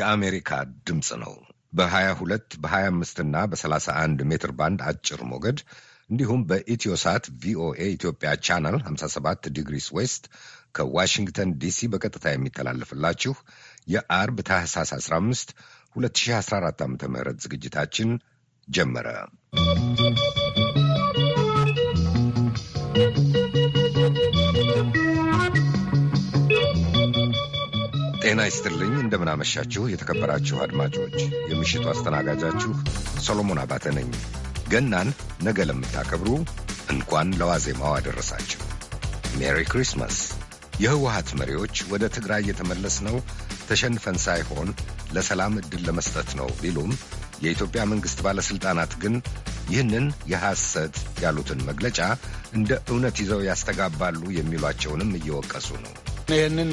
የአሜሪካ ድምፅ ነው። በ22 በ25 እና በ31 ሜትር ባንድ አጭር ሞገድ እንዲሁም በኢትዮሳት ቪኦኤ ኢትዮጵያ ቻናል 57 ዲግሪስ ዌስት ከዋሽንግተን ዲሲ በቀጥታ የሚተላለፍላችሁ የአርብ ታህሳስ 15 2014 ዓ ም ዝግጅታችን ጀመረ። ጤና ይስጥልኝ። እንደምናመሻችሁ የተከበራችሁ አድማጮች፣ የምሽቱ አስተናጋጃችሁ ሰሎሞን አባተ ነኝ። ገናን ነገ ለምታከብሩ እንኳን ለዋዜማው አደረሳችሁ። ሜሪ ክሪስማስ። የህወሀት መሪዎች ወደ ትግራይ ነው ተሸንፈን ሳይሆን ለሰላም ዕድል ለመስጠት ነው ቢሉም የኢትዮጵያ መንግሥት ባለሥልጣናት ግን ይህንን የሐሰት ያሉትን መግለጫ እንደ እውነት ይዘው ያስተጋባሉ የሚሏቸውንም እየወቀሱ ነው። ይህንን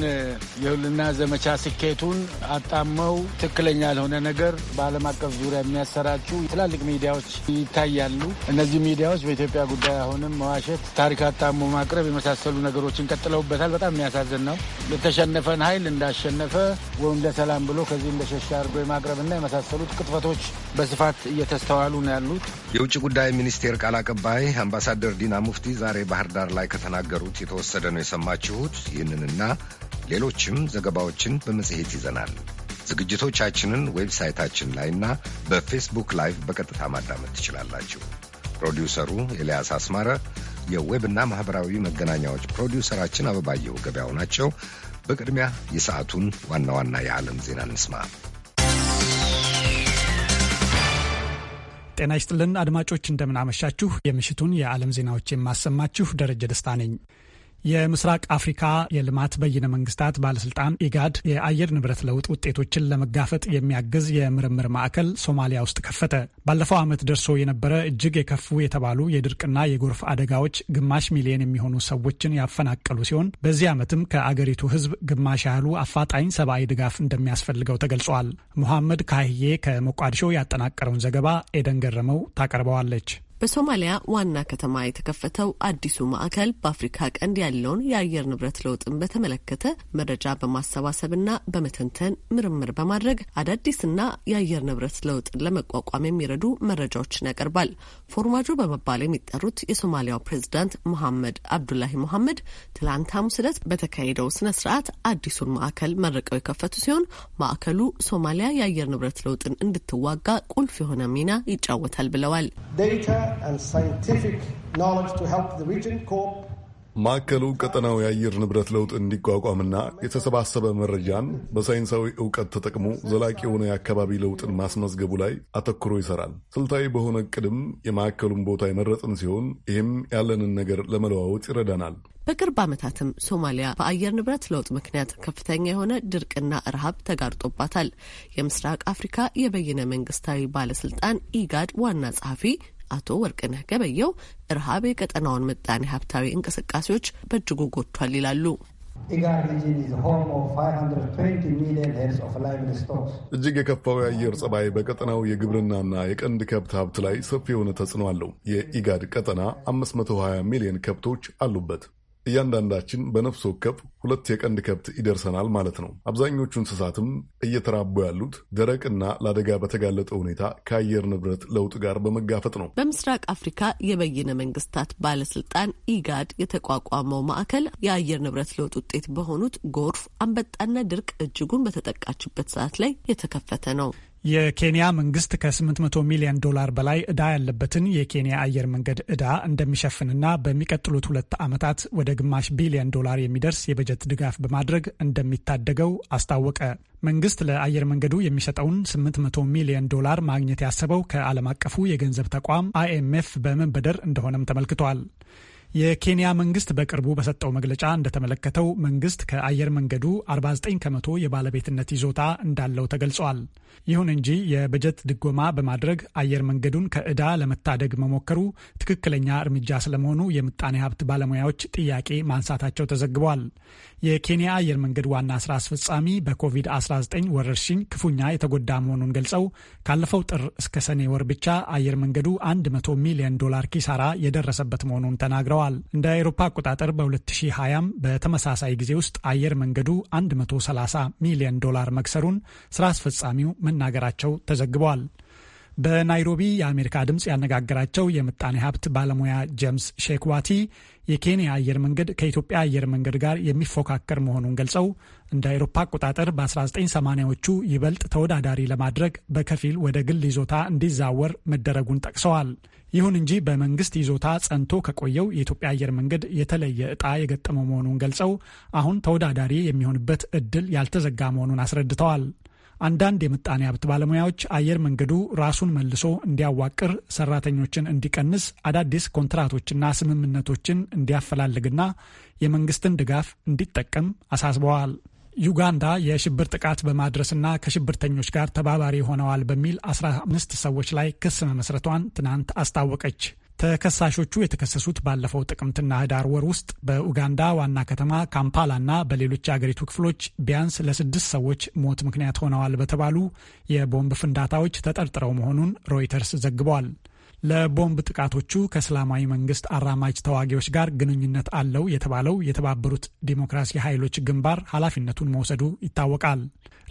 የህልና ዘመቻ ስኬቱን አጣመው ትክክለኛ ያልሆነ ነገር በዓለም አቀፍ ዙሪያ የሚያሰራጩ ትላልቅ ሚዲያዎች ይታያሉ። እነዚህ ሚዲያዎች በኢትዮጵያ ጉዳይ አሁንም መዋሸት፣ ታሪክ አጣሞ ማቅረብ የመሳሰሉ ነገሮችን ቀጥለውበታል። በጣም የሚያሳዝን ነው። የተሸነፈን ኃይል እንዳሸነፈ ወይም ለሰላም ብሎ ከዚህ እንደሸሻ አድርጎ እና የመሳሰሉት ቅጥፈቶች በስፋት እየተስተዋሉ ነው ያሉት። የውጭ ጉዳይ ሚኒስቴር ቃል አቀባይ አምባሳደር ዲና ሙፍቲ ዛሬ ባህር ዳር ላይ ከተናገሩት የተወሰደ ነው የሰማችሁት። ይህንንና ሌሎችም ዘገባዎችን በመጽሔት ይዘናል። ዝግጅቶቻችንን ዌብሳይታችን ላይና በፌስቡክ ላይቭ በቀጥታ ማዳመጥ ትችላላችሁ። ፕሮዲውሰሩ ኤልያስ አስማረ፣ የዌብና ማኅበራዊ መገናኛዎች ፕሮዲውሰራችን አበባየሁ ገበያው ናቸው። በቅድሚያ የሰዓቱን ዋና ዋና የዓለም ዜና እንስማ። ጤና ይስጥልን አድማጮች፣ እንደምናመሻችሁ። የምሽቱን የዓለም ዜናዎች የማሰማችሁ ደረጀ ደስታ ነኝ። የምስራቅ አፍሪካ የልማት በይነ መንግስታት ባለስልጣን ኢጋድ የአየር ንብረት ለውጥ ውጤቶችን ለመጋፈጥ የሚያግዝ የምርምር ማዕከል ሶማሊያ ውስጥ ከፈተ። ባለፈው ዓመት ደርሶ የነበረ እጅግ የከፉ የተባሉ የድርቅና የጎርፍ አደጋዎች ግማሽ ሚሊዮን የሚሆኑ ሰዎችን ያፈናቀሉ ሲሆን በዚህ ዓመትም ከአገሪቱ ህዝብ ግማሽ ያህሉ አፋጣኝ ሰብአዊ ድጋፍ እንደሚያስፈልገው ተገልጿል። ሙሐመድ ካህዬ ከሞቃዲሾ ያጠናቀረውን ዘገባ ኤደን ገረመው ታቀርበዋለች። በሶማሊያ ዋና ከተማ የተከፈተው አዲሱ ማዕከል በአፍሪካ ቀንድ ያለውን የአየር ንብረት ለውጥን በተመለከተ መረጃ በማሰባሰብና በመተንተን ምርምር በማድረግ አዳዲስና የአየር ንብረት ለውጥን ለመቋቋም የሚረዱ መረጃዎችን ያቀርባል። ፎርማጆ በመባል የሚጠሩት የሶማሊያው ፕሬዚዳንት መሐመድ አብዱላሂ መሐመድ ትላንት ሐሙስ ዕለት በተካሄደው ስነ ስርዓት አዲሱን ማዕከል መርቀው የከፈቱ ሲሆን ማዕከሉ ሶማሊያ የአየር ንብረት ለውጥን እንድትዋጋ ቁልፍ የሆነ ሚና ይጫወታል ብለዋል። ማዕከሉ ቀጠናው የአየር ንብረት ለውጥ እንዲቋቋምና የተሰባሰበ መረጃን በሳይንሳዊ እውቀት ተጠቅሞ ዘላቂ የሆነ የአካባቢ ለውጥን ማስመዝገቡ ላይ አተኩሮ ይሰራል። ስልታዊ በሆነ ቅድም የማዕከሉን ቦታ የመረጥን ሲሆን ይህም ያለንን ነገር ለመለዋወጥ ይረዳናል። በቅርብ ዓመታትም ሶማሊያ በአየር ንብረት ለውጥ ምክንያት ከፍተኛ የሆነ ድርቅና ረሃብ ተጋርጦባታል። የምስራቅ አፍሪካ የበይነ መንግስታዊ ባለስልጣን ኢጋድ ዋና ጸሐፊ አቶ ወርቅነህ ገበየው እርሃብ የቀጠናውን ምጣኔ ሀብታዊ እንቅስቃሴዎች በእጅጉ ጎድቷል ይላሉ። እጅግ የከፋው የአየር ጸባይ በቀጠናው የግብርናና የቀንድ ከብት ሀብት ላይ ሰፊ የሆነ ተጽዕኖ አለው። የኢጋድ ቀጠና 520 ሚሊዮን ከብቶች አሉበት። እያንዳንዳችን በነፍስ ወከፍ ሁለት የቀንድ ከብት ይደርሰናል ማለት ነው። አብዛኞቹ እንስሳትም እየተራቡ ያሉት ደረቅና ለአደጋ በተጋለጠ ሁኔታ ከአየር ንብረት ለውጥ ጋር በመጋፈጥ ነው። በምስራቅ አፍሪካ የበይነ መንግስታት ባለስልጣን ኢጋድ የተቋቋመው ማዕከል የአየር ንብረት ለውጥ ውጤት በሆኑት ጎርፍ፣ አንበጣና ድርቅ እጅጉን በተጠቃችበት ሰዓት ላይ የተከፈተ ነው። የኬንያ መንግስት ከ800 ሚሊዮን ዶላር በላይ እዳ ያለበትን የኬንያ አየር መንገድ እዳ እንደሚሸፍንና በሚቀጥሉት ሁለት ዓመታት ወደ ግማሽ ቢሊዮን ዶላር የሚደርስ የበጀት ድጋፍ በማድረግ እንደሚታደገው አስታወቀ። መንግስት ለአየር መንገዱ የሚሰጠውን 800 ሚሊዮን ዶላር ማግኘት ያሰበው ከዓለም አቀፉ የገንዘብ ተቋም አይኤምኤፍ በመበደር እንደሆነም ተመልክቷል። የኬንያ መንግስት በቅርቡ በሰጠው መግለጫ እንደተመለከተው መንግስት ከአየር መንገዱ 49 ከመቶ የባለቤትነት ይዞታ እንዳለው ተገልጿል። ይሁን እንጂ የበጀት ድጎማ በማድረግ አየር መንገዱን ከዕዳ ለመታደግ መሞከሩ ትክክለኛ እርምጃ ስለመሆኑ የምጣኔ ሀብት ባለሙያዎች ጥያቄ ማንሳታቸው ተዘግቧል። የኬንያ አየር መንገድ ዋና ስራ አስፈጻሚ በኮቪድ-19 ወረርሽኝ ክፉኛ የተጎዳ መሆኑን ገልጸው ካለፈው ጥር እስከ ሰኔ ወር ብቻ አየር መንገዱ 100 ሚሊዮን ዶላር ኪሳራ የደረሰበት መሆኑን ተናግረዋል። እንደ አውሮፓ አቆጣጠር በ 2020 በተመሳሳይ ጊዜ ውስጥ አየር መንገዱ 130 ሚሊዮን ዶላር መክሰሩን ስራ አስፈጻሚው መናገራቸው ተዘግበዋል። በናይሮቢ የአሜሪካ ድምፅ ያነጋገራቸው የምጣኔ ሀብት ባለሙያ ጄምስ ሼክዋቲ የኬንያ አየር መንገድ ከኢትዮጵያ አየር መንገድ ጋር የሚፎካከር መሆኑን ገልጸው እንደ አውሮፓ አቆጣጠር በ1980ዎቹ ይበልጥ ተወዳዳሪ ለማድረግ በከፊል ወደ ግል ይዞታ እንዲዛወር መደረጉን ጠቅሰዋል። ይሁን እንጂ በመንግስት ይዞታ ጸንቶ ከቆየው የኢትዮጵያ አየር መንገድ የተለየ ዕጣ የገጠመው መሆኑን ገልጸው አሁን ተወዳዳሪ የሚሆንበት እድል ያልተዘጋ መሆኑን አስረድተዋል። አንዳንድ የምጣኔ ሀብት ባለሙያዎች አየር መንገዱ ራሱን መልሶ እንዲያዋቅር፣ ሰራተኞችን እንዲቀንስ፣ አዳዲስ ኮንትራቶችና ስምምነቶችን እንዲያፈላልግና የመንግስትን ድጋፍ እንዲጠቀም አሳስበዋል። ዩጋንዳ የሽብር ጥቃት በማድረስና ከሽብርተኞች ጋር ተባባሪ ሆነዋል በሚል 15 ሰዎች ላይ ክስ መመስረቷን ትናንት አስታወቀች። ተከሳሾቹ የተከሰሱት ባለፈው ጥቅምትና ህዳር ወር ውስጥ በኡጋንዳ ዋና ከተማ ካምፓላና በሌሎች የአገሪቱ ክፍሎች ቢያንስ ለስድስት ሰዎች ሞት ምክንያት ሆነዋል በተባሉ የቦምብ ፍንዳታዎች ተጠርጥረው መሆኑን ሮይተርስ ዘግበዋል። ለቦምብ ጥቃቶቹ ከእስላማዊ መንግስት አራማጅ ተዋጊዎች ጋር ግንኙነት አለው የተባለው የተባበሩት ዲሞክራሲ ኃይሎች ግንባር ኃላፊነቱን መውሰዱ ይታወቃል።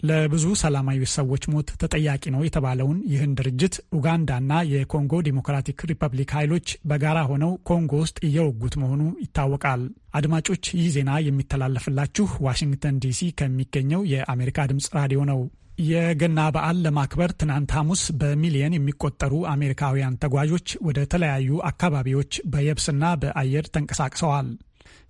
ለብዙ ሰላማዊ ሰዎች ሞት ተጠያቂ ነው የተባለውን ይህን ድርጅት ኡጋንዳና የኮንጎ ዲሞክራቲክ ሪፐብሊክ ኃይሎች በጋራ ሆነው ኮንጎ ውስጥ እየወጉት መሆኑ ይታወቃል። አድማጮች፣ ይህ ዜና የሚተላለፍላችሁ ዋሽንግተን ዲሲ ከሚገኘው የአሜሪካ ድምፅ ራዲዮ ነው። የገና በዓል ለማክበር ትናንት ሐሙስ በሚሊየን የሚቆጠሩ አሜሪካውያን ተጓዦች ወደ ተለያዩ አካባቢዎች በየብስና በአየር ተንቀሳቅሰዋል።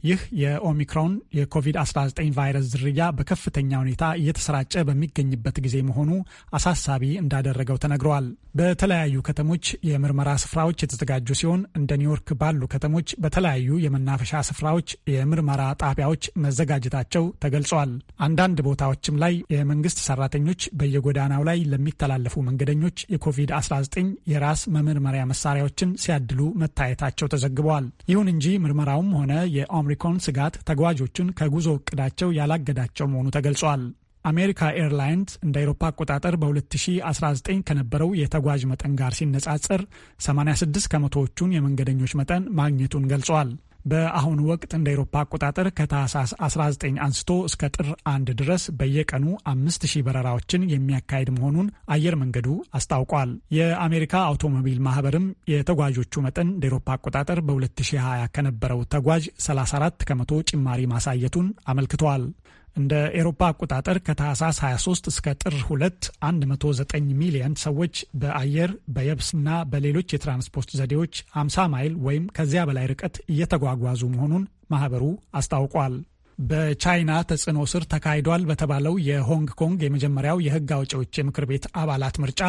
ይህ የኦሚክሮን የኮቪድ-19 ቫይረስ ዝርያ በከፍተኛ ሁኔታ እየተሰራጨ በሚገኝበት ጊዜ መሆኑ አሳሳቢ እንዳደረገው ተነግረዋል። በተለያዩ ከተሞች የምርመራ ስፍራዎች የተዘጋጁ ሲሆን እንደ ኒውዮርክ ባሉ ከተሞች በተለያዩ የመናፈሻ ስፍራዎች የምርመራ ጣቢያዎች መዘጋጀታቸው ተገልጿል። አንዳንድ ቦታዎችም ላይ የመንግስት ሰራተኞች በየጎዳናው ላይ ለሚተላለፉ መንገደኞች የኮቪድ-19 የራስ መመርመሪያ መሳሪያዎችን ሲያድሉ መታየታቸው ተዘግበዋል። ይሁን እንጂ ምርመራውም ሆነ የፋብሪካውን ስጋት ተጓዦቹን ከጉዞ እቅዳቸው ያላገዳቸው መሆኑ ተገልጿል። አሜሪካ ኤርላይንስ እንደ አውሮፓ አቆጣጠር በ2019 ከነበረው የተጓዥ መጠን ጋር ሲነጻጸር 86 ከመቶዎቹን የመንገደኞች መጠን ማግኘቱን ገልጿል። በአሁኑ ወቅት እንደ ኤሮፓ አቆጣጠር ከታህሳስ 19 አንስቶ እስከ ጥር አንድ ድረስ በየቀኑ 5000 ሺህ በረራዎችን የሚያካሄድ መሆኑን አየር መንገዱ አስታውቋል። የአሜሪካ አውቶሞቢል ማህበርም የተጓዦቹ መጠን እንደ ኤሮፓ አቆጣጠር በ2020 ከነበረው ተጓዥ 34 ከመቶ ጭማሪ ማሳየቱን አመልክቷል። እንደ ኤሮፓ አቆጣጠር ከታህሳስ 23 እስከ ጥር 2 109 ሚሊዮን ሰዎች በአየር በየብስ እና በሌሎች የትራንስፖርት ዘዴዎች 50 ማይል ወይም ከዚያ በላይ ርቀት እየተጓጓዙ መሆኑን ማህበሩ አስታውቋል። በቻይና ተጽዕኖ ስር ተካሂዷል በተባለው የሆንግ ኮንግ የመጀመሪያው የህግ አውጪዎች የምክር ቤት አባላት ምርጫ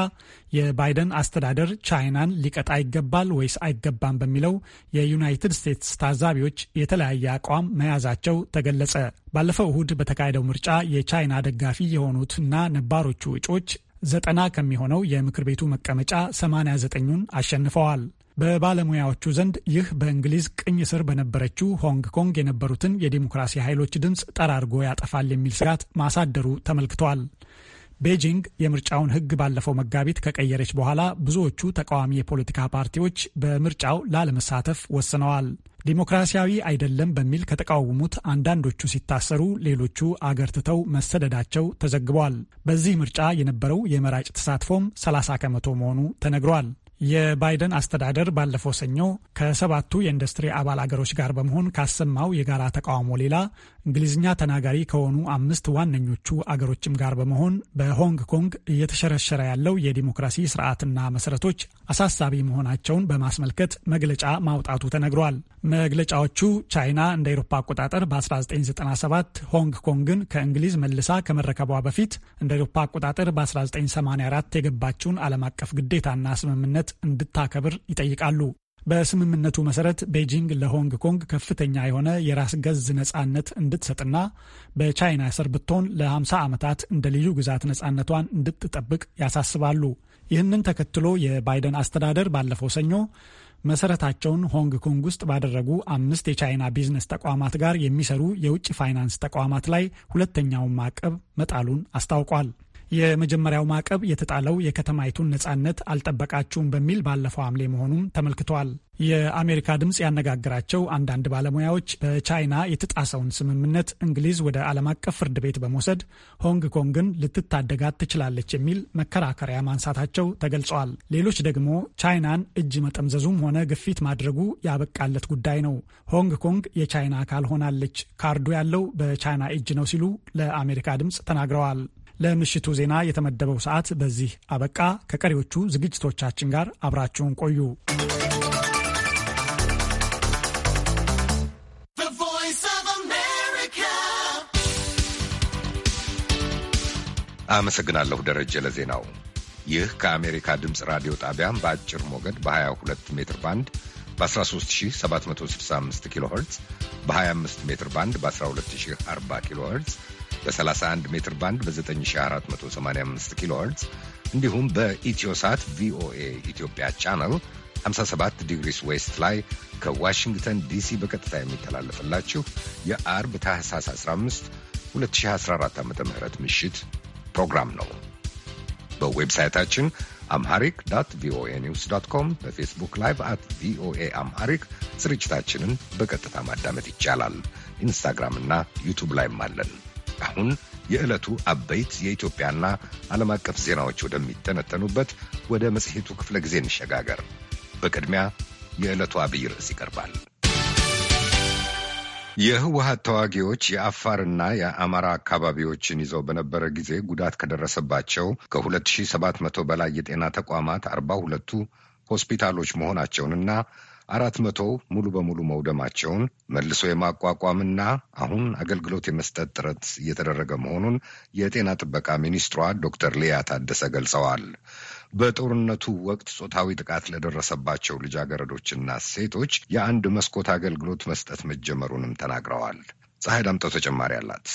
የባይደን አስተዳደር ቻይናን ሊቀጣ ይገባል ወይስ አይገባም በሚለው የዩናይትድ ስቴትስ ታዛቢዎች የተለያየ አቋም መያዛቸው ተገለጸ። ባለፈው እሁድ በተካሄደው ምርጫ የቻይና ደጋፊ የሆኑትና ነባሮቹ እጩዎች ዘጠና ከሚሆነው የምክር ቤቱ መቀመጫ 89ን አሸንፈዋል። በባለሙያዎቹ ዘንድ ይህ በእንግሊዝ ቅኝ ስር በነበረችው ሆንግ ኮንግ የነበሩትን የዲሞክራሲ ኃይሎች ድምፅ ጠራርጎ ያጠፋል የሚል ስጋት ማሳደሩ ተመልክቷል። ቤጂንግ የምርጫውን ሕግ ባለፈው መጋቢት ከቀየረች በኋላ ብዙዎቹ ተቃዋሚ የፖለቲካ ፓርቲዎች በምርጫው ላለመሳተፍ ወስነዋል። ዲሞክራሲያዊ አይደለም በሚል ከተቃወሙት አንዳንዶቹ ሲታሰሩ፣ ሌሎቹ አገር ትተው መሰደዳቸው ተዘግቧል። በዚህ ምርጫ የነበረው የመራጭ ተሳትፎም 30 ከመቶ መሆኑ ተነግሯል። የባይደን አስተዳደር ባለፈው ሰኞ ከሰባቱ የኢንዱስትሪ አባል አገሮች ጋር በመሆን ካሰማው የጋራ ተቃውሞ ሌላ እንግሊዝኛ ተናጋሪ ከሆኑ አምስት ዋነኞቹ አገሮችም ጋር በመሆን በሆንግ ኮንግ እየተሸረሸረ ያለው የዲሞክራሲ ስርዓትና መሰረቶች አሳሳቢ መሆናቸውን በማስመልከት መግለጫ ማውጣቱ ተነግሯል። መግለጫዎቹ ቻይና እንደ ኤሮፓ አቆጣጠር በ1997 ሆንግ ኮንግን ከእንግሊዝ መልሳ ከመረከቧ በፊት እንደ ኤሮፓ አቆጣጠር በ1984 የገባችውን ዓለም አቀፍ ግዴታና ስምምነት እንድታከብር ይጠይቃሉ። በስምምነቱ መሰረት ቤጂንግ ለሆንግ ኮንግ ከፍተኛ የሆነ የራስ ገዝ ነጻነት እንድትሰጥና በቻይና ስር ብትሆን ለ50 ዓመታት እንደ ልዩ ግዛት ነጻነቷን እንድትጠብቅ ያሳስባሉ። ይህንን ተከትሎ የባይደን አስተዳደር ባለፈው ሰኞ መሰረታቸውን ሆንግ ኮንግ ውስጥ ባደረጉ አምስት የቻይና ቢዝነስ ተቋማት ጋር የሚሰሩ የውጭ ፋይናንስ ተቋማት ላይ ሁለተኛውን ማዕቀብ መጣሉን አስታውቋል። የመጀመሪያው ማዕቀብ የተጣለው የከተማይቱን ነጻነት አልጠበቃችሁም በሚል ባለፈው ሐምሌ መሆኑም ተመልክቷል። የአሜሪካ ድምፅ ያነጋግራቸው አንዳንድ ባለሙያዎች በቻይና የተጣሰውን ስምምነት እንግሊዝ ወደ ዓለም አቀፍ ፍርድ ቤት በመውሰድ ሆንግ ኮንግን ልትታደጋት ትችላለች የሚል መከራከሪያ ማንሳታቸው ተገልጸዋል። ሌሎች ደግሞ ቻይናን እጅ መጠምዘዙም ሆነ ግፊት ማድረጉ ያበቃለት ጉዳይ ነው፣ ሆንግ ኮንግ የቻይና አካል ሆናለች፣ ካርዱ ያለው በቻይና እጅ ነው ሲሉ ለአሜሪካ ድምፅ ተናግረዋል። ለምሽቱ ዜና የተመደበው ሰዓት በዚህ አበቃ። ከቀሪዎቹ ዝግጅቶቻችን ጋር አብራችሁን ቆዩ። አመሰግናለሁ ደረጀ ለዜናው። ይህ ከአሜሪካ ድምፅ ራዲዮ ጣቢያ በአጭር ሞገድ በ22 ሜትር ባንድ በ13765 ኪሎ ኸርትዝ በ25 ሜትር ባንድ በ1240 ኪሎ ኸርትዝ በ31 ሜትር ባንድ በ9485 ኪሎ ሄርዝ እንዲሁም በኢትዮሳት ቪኦኤ ኢትዮጵያ ቻናል 57 ዲግሪስ ዌስት ላይ ከዋሽንግተን ዲሲ በቀጥታ የሚተላለፍላችሁ የአርብ ታህሳስ 15 2014 ዓ ም ምሽት ፕሮግራም ነው። በዌብሳይታችን አምሃሪክ ዶት ቪኦኤ ኒውስ ዶት ኮም በፌስቡክ ላይቭ አት ቪኦኤ አምሃሪክ ስርጭታችንን በቀጥታ ማዳመጥ ይቻላል። ኢንስታግራም እና ዩቱብ ላይም አለን። አሁን የዕለቱ አበይት የኢትዮጵያና ዓለም አቀፍ ዜናዎች ወደሚተነተኑበት ወደ መጽሔቱ ክፍለ ጊዜ እንሸጋገር። በቅድሚያ የዕለቱ አብይ ርዕስ ይቀርባል። የህወሀት ተዋጊዎች የአፋርና የአማራ አካባቢዎችን ይዘው በነበረ ጊዜ ጉዳት ከደረሰባቸው ከ2700 በላይ የጤና ተቋማት 42ቱ ሆስፒታሎች መሆናቸውንና አራት መቶ ሙሉ በሙሉ መውደማቸውን መልሶ የማቋቋምና አሁን አገልግሎት የመስጠት ጥረት እየተደረገ መሆኑን የጤና ጥበቃ ሚኒስትሯ ዶክተር ሊያ ታደሰ ገልጸዋል። በጦርነቱ ወቅት ጾታዊ ጥቃት ለደረሰባቸው ልጃገረዶችና ሴቶች የአንድ መስኮት አገልግሎት መስጠት መጀመሩንም ተናግረዋል። ፀሐይ ዳምጠው ተጨማሪ አላት።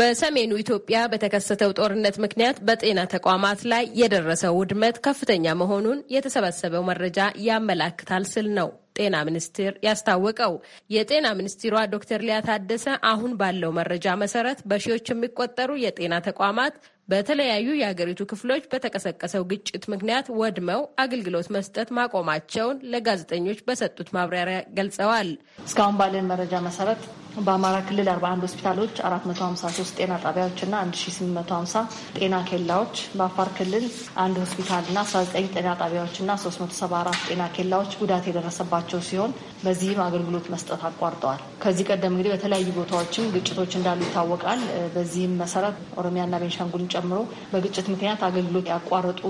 በሰሜኑ ኢትዮጵያ በተከሰተው ጦርነት ምክንያት በጤና ተቋማት ላይ የደረሰው ውድመት ከፍተኛ መሆኑን የተሰበሰበው መረጃ ያመላክታል ስል ነው ጤና ሚኒስቴር ያስታወቀው። የጤና ሚኒስትሯ ዶክተር ሊያ ታደሰ አሁን ባለው መረጃ መሰረት በሺዎች የሚቆጠሩ የጤና ተቋማት በተለያዩ የሀገሪቱ ክፍሎች በተቀሰቀሰው ግጭት ምክንያት ወድመው አገልግሎት መስጠት ማቆማቸውን ለጋዜጠኞች በሰጡት ማብራሪያ ገልጸዋል። እስካሁን ባለን መረጃ መሰረት በአማራ ክልል 41 ሆስፒታሎች 453 ጤና ጣቢያዎችና 1850 ጤና ኬላዎች፣ በአፋር ክልል አንድ ሆስፒታልና 19 ጤና ጣቢያዎችና 374 ጤና ኬላዎች ጉዳት የደረሰባቸው ሲሆን በዚህም አገልግሎት መስጠት አቋርጠዋል። ከዚህ ቀደም እንግዲህ በተለያዩ ቦታዎችም ግጭቶች እንዳሉ ይታወቃል። በዚህም መሰረት ኦሮሚያና ቤንሻንጉልን ጨምሮ በግጭት ምክንያት አገልግሎት ያቋረጡ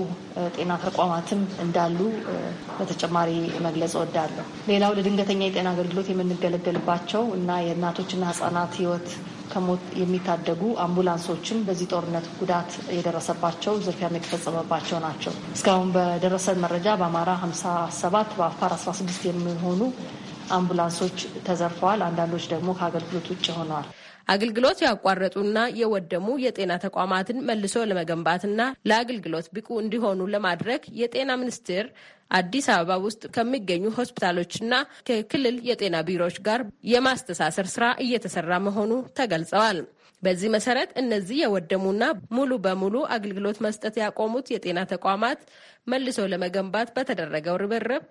ጤና ተቋማትም እንዳሉ በተጨማሪ መግለጽ እወዳለሁ። ሌላው ለድንገተኛ የጤና አገልግሎት የምንገለገልባቸው እና የና የእናቶችና ህጻናት ህይወት ከሞት የሚታደጉ አምቡላንሶችም በዚህ ጦርነት ጉዳት የደረሰባቸው ዝርፊያም የተፈጸመባቸው ናቸው። እስካሁን በደረሰን መረጃ በአማራ 57 በአፋር 16 የሚሆኑ አምቡላንሶች ተዘርፈዋል። አንዳንዶች ደግሞ ከአገልግሎት ውጭ ሆነዋል። አገልግሎት ያቋረጡና የወደሙ የጤና ተቋማትን መልሶ ለመገንባትና ለአገልግሎት ብቁ እንዲሆኑ ለማድረግ የጤና ሚኒስቴር አዲስ አበባ ውስጥ ከሚገኙ ሆስፒታሎችና ከክልል የጤና ቢሮዎች ጋር የማስተሳሰር ስራ እየተሰራ መሆኑ ተገልጸዋል። በዚህ መሰረት እነዚህ የወደሙና ሙሉ በሙሉ አገልግሎት መስጠት ያቆሙት የጤና ተቋማት መልሶ ለመገንባት በተደረገው ርብርብ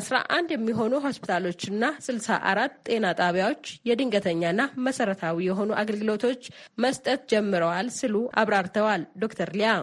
11 የሚሆኑ ሆስፒታሎችና 64 ጤና ጣቢያዎች የድንገተኛና መሰረታዊ የሆኑ አገልግሎቶች መስጠት ጀምረዋል ሲሉ አብራርተዋል ዶክተር ሊያ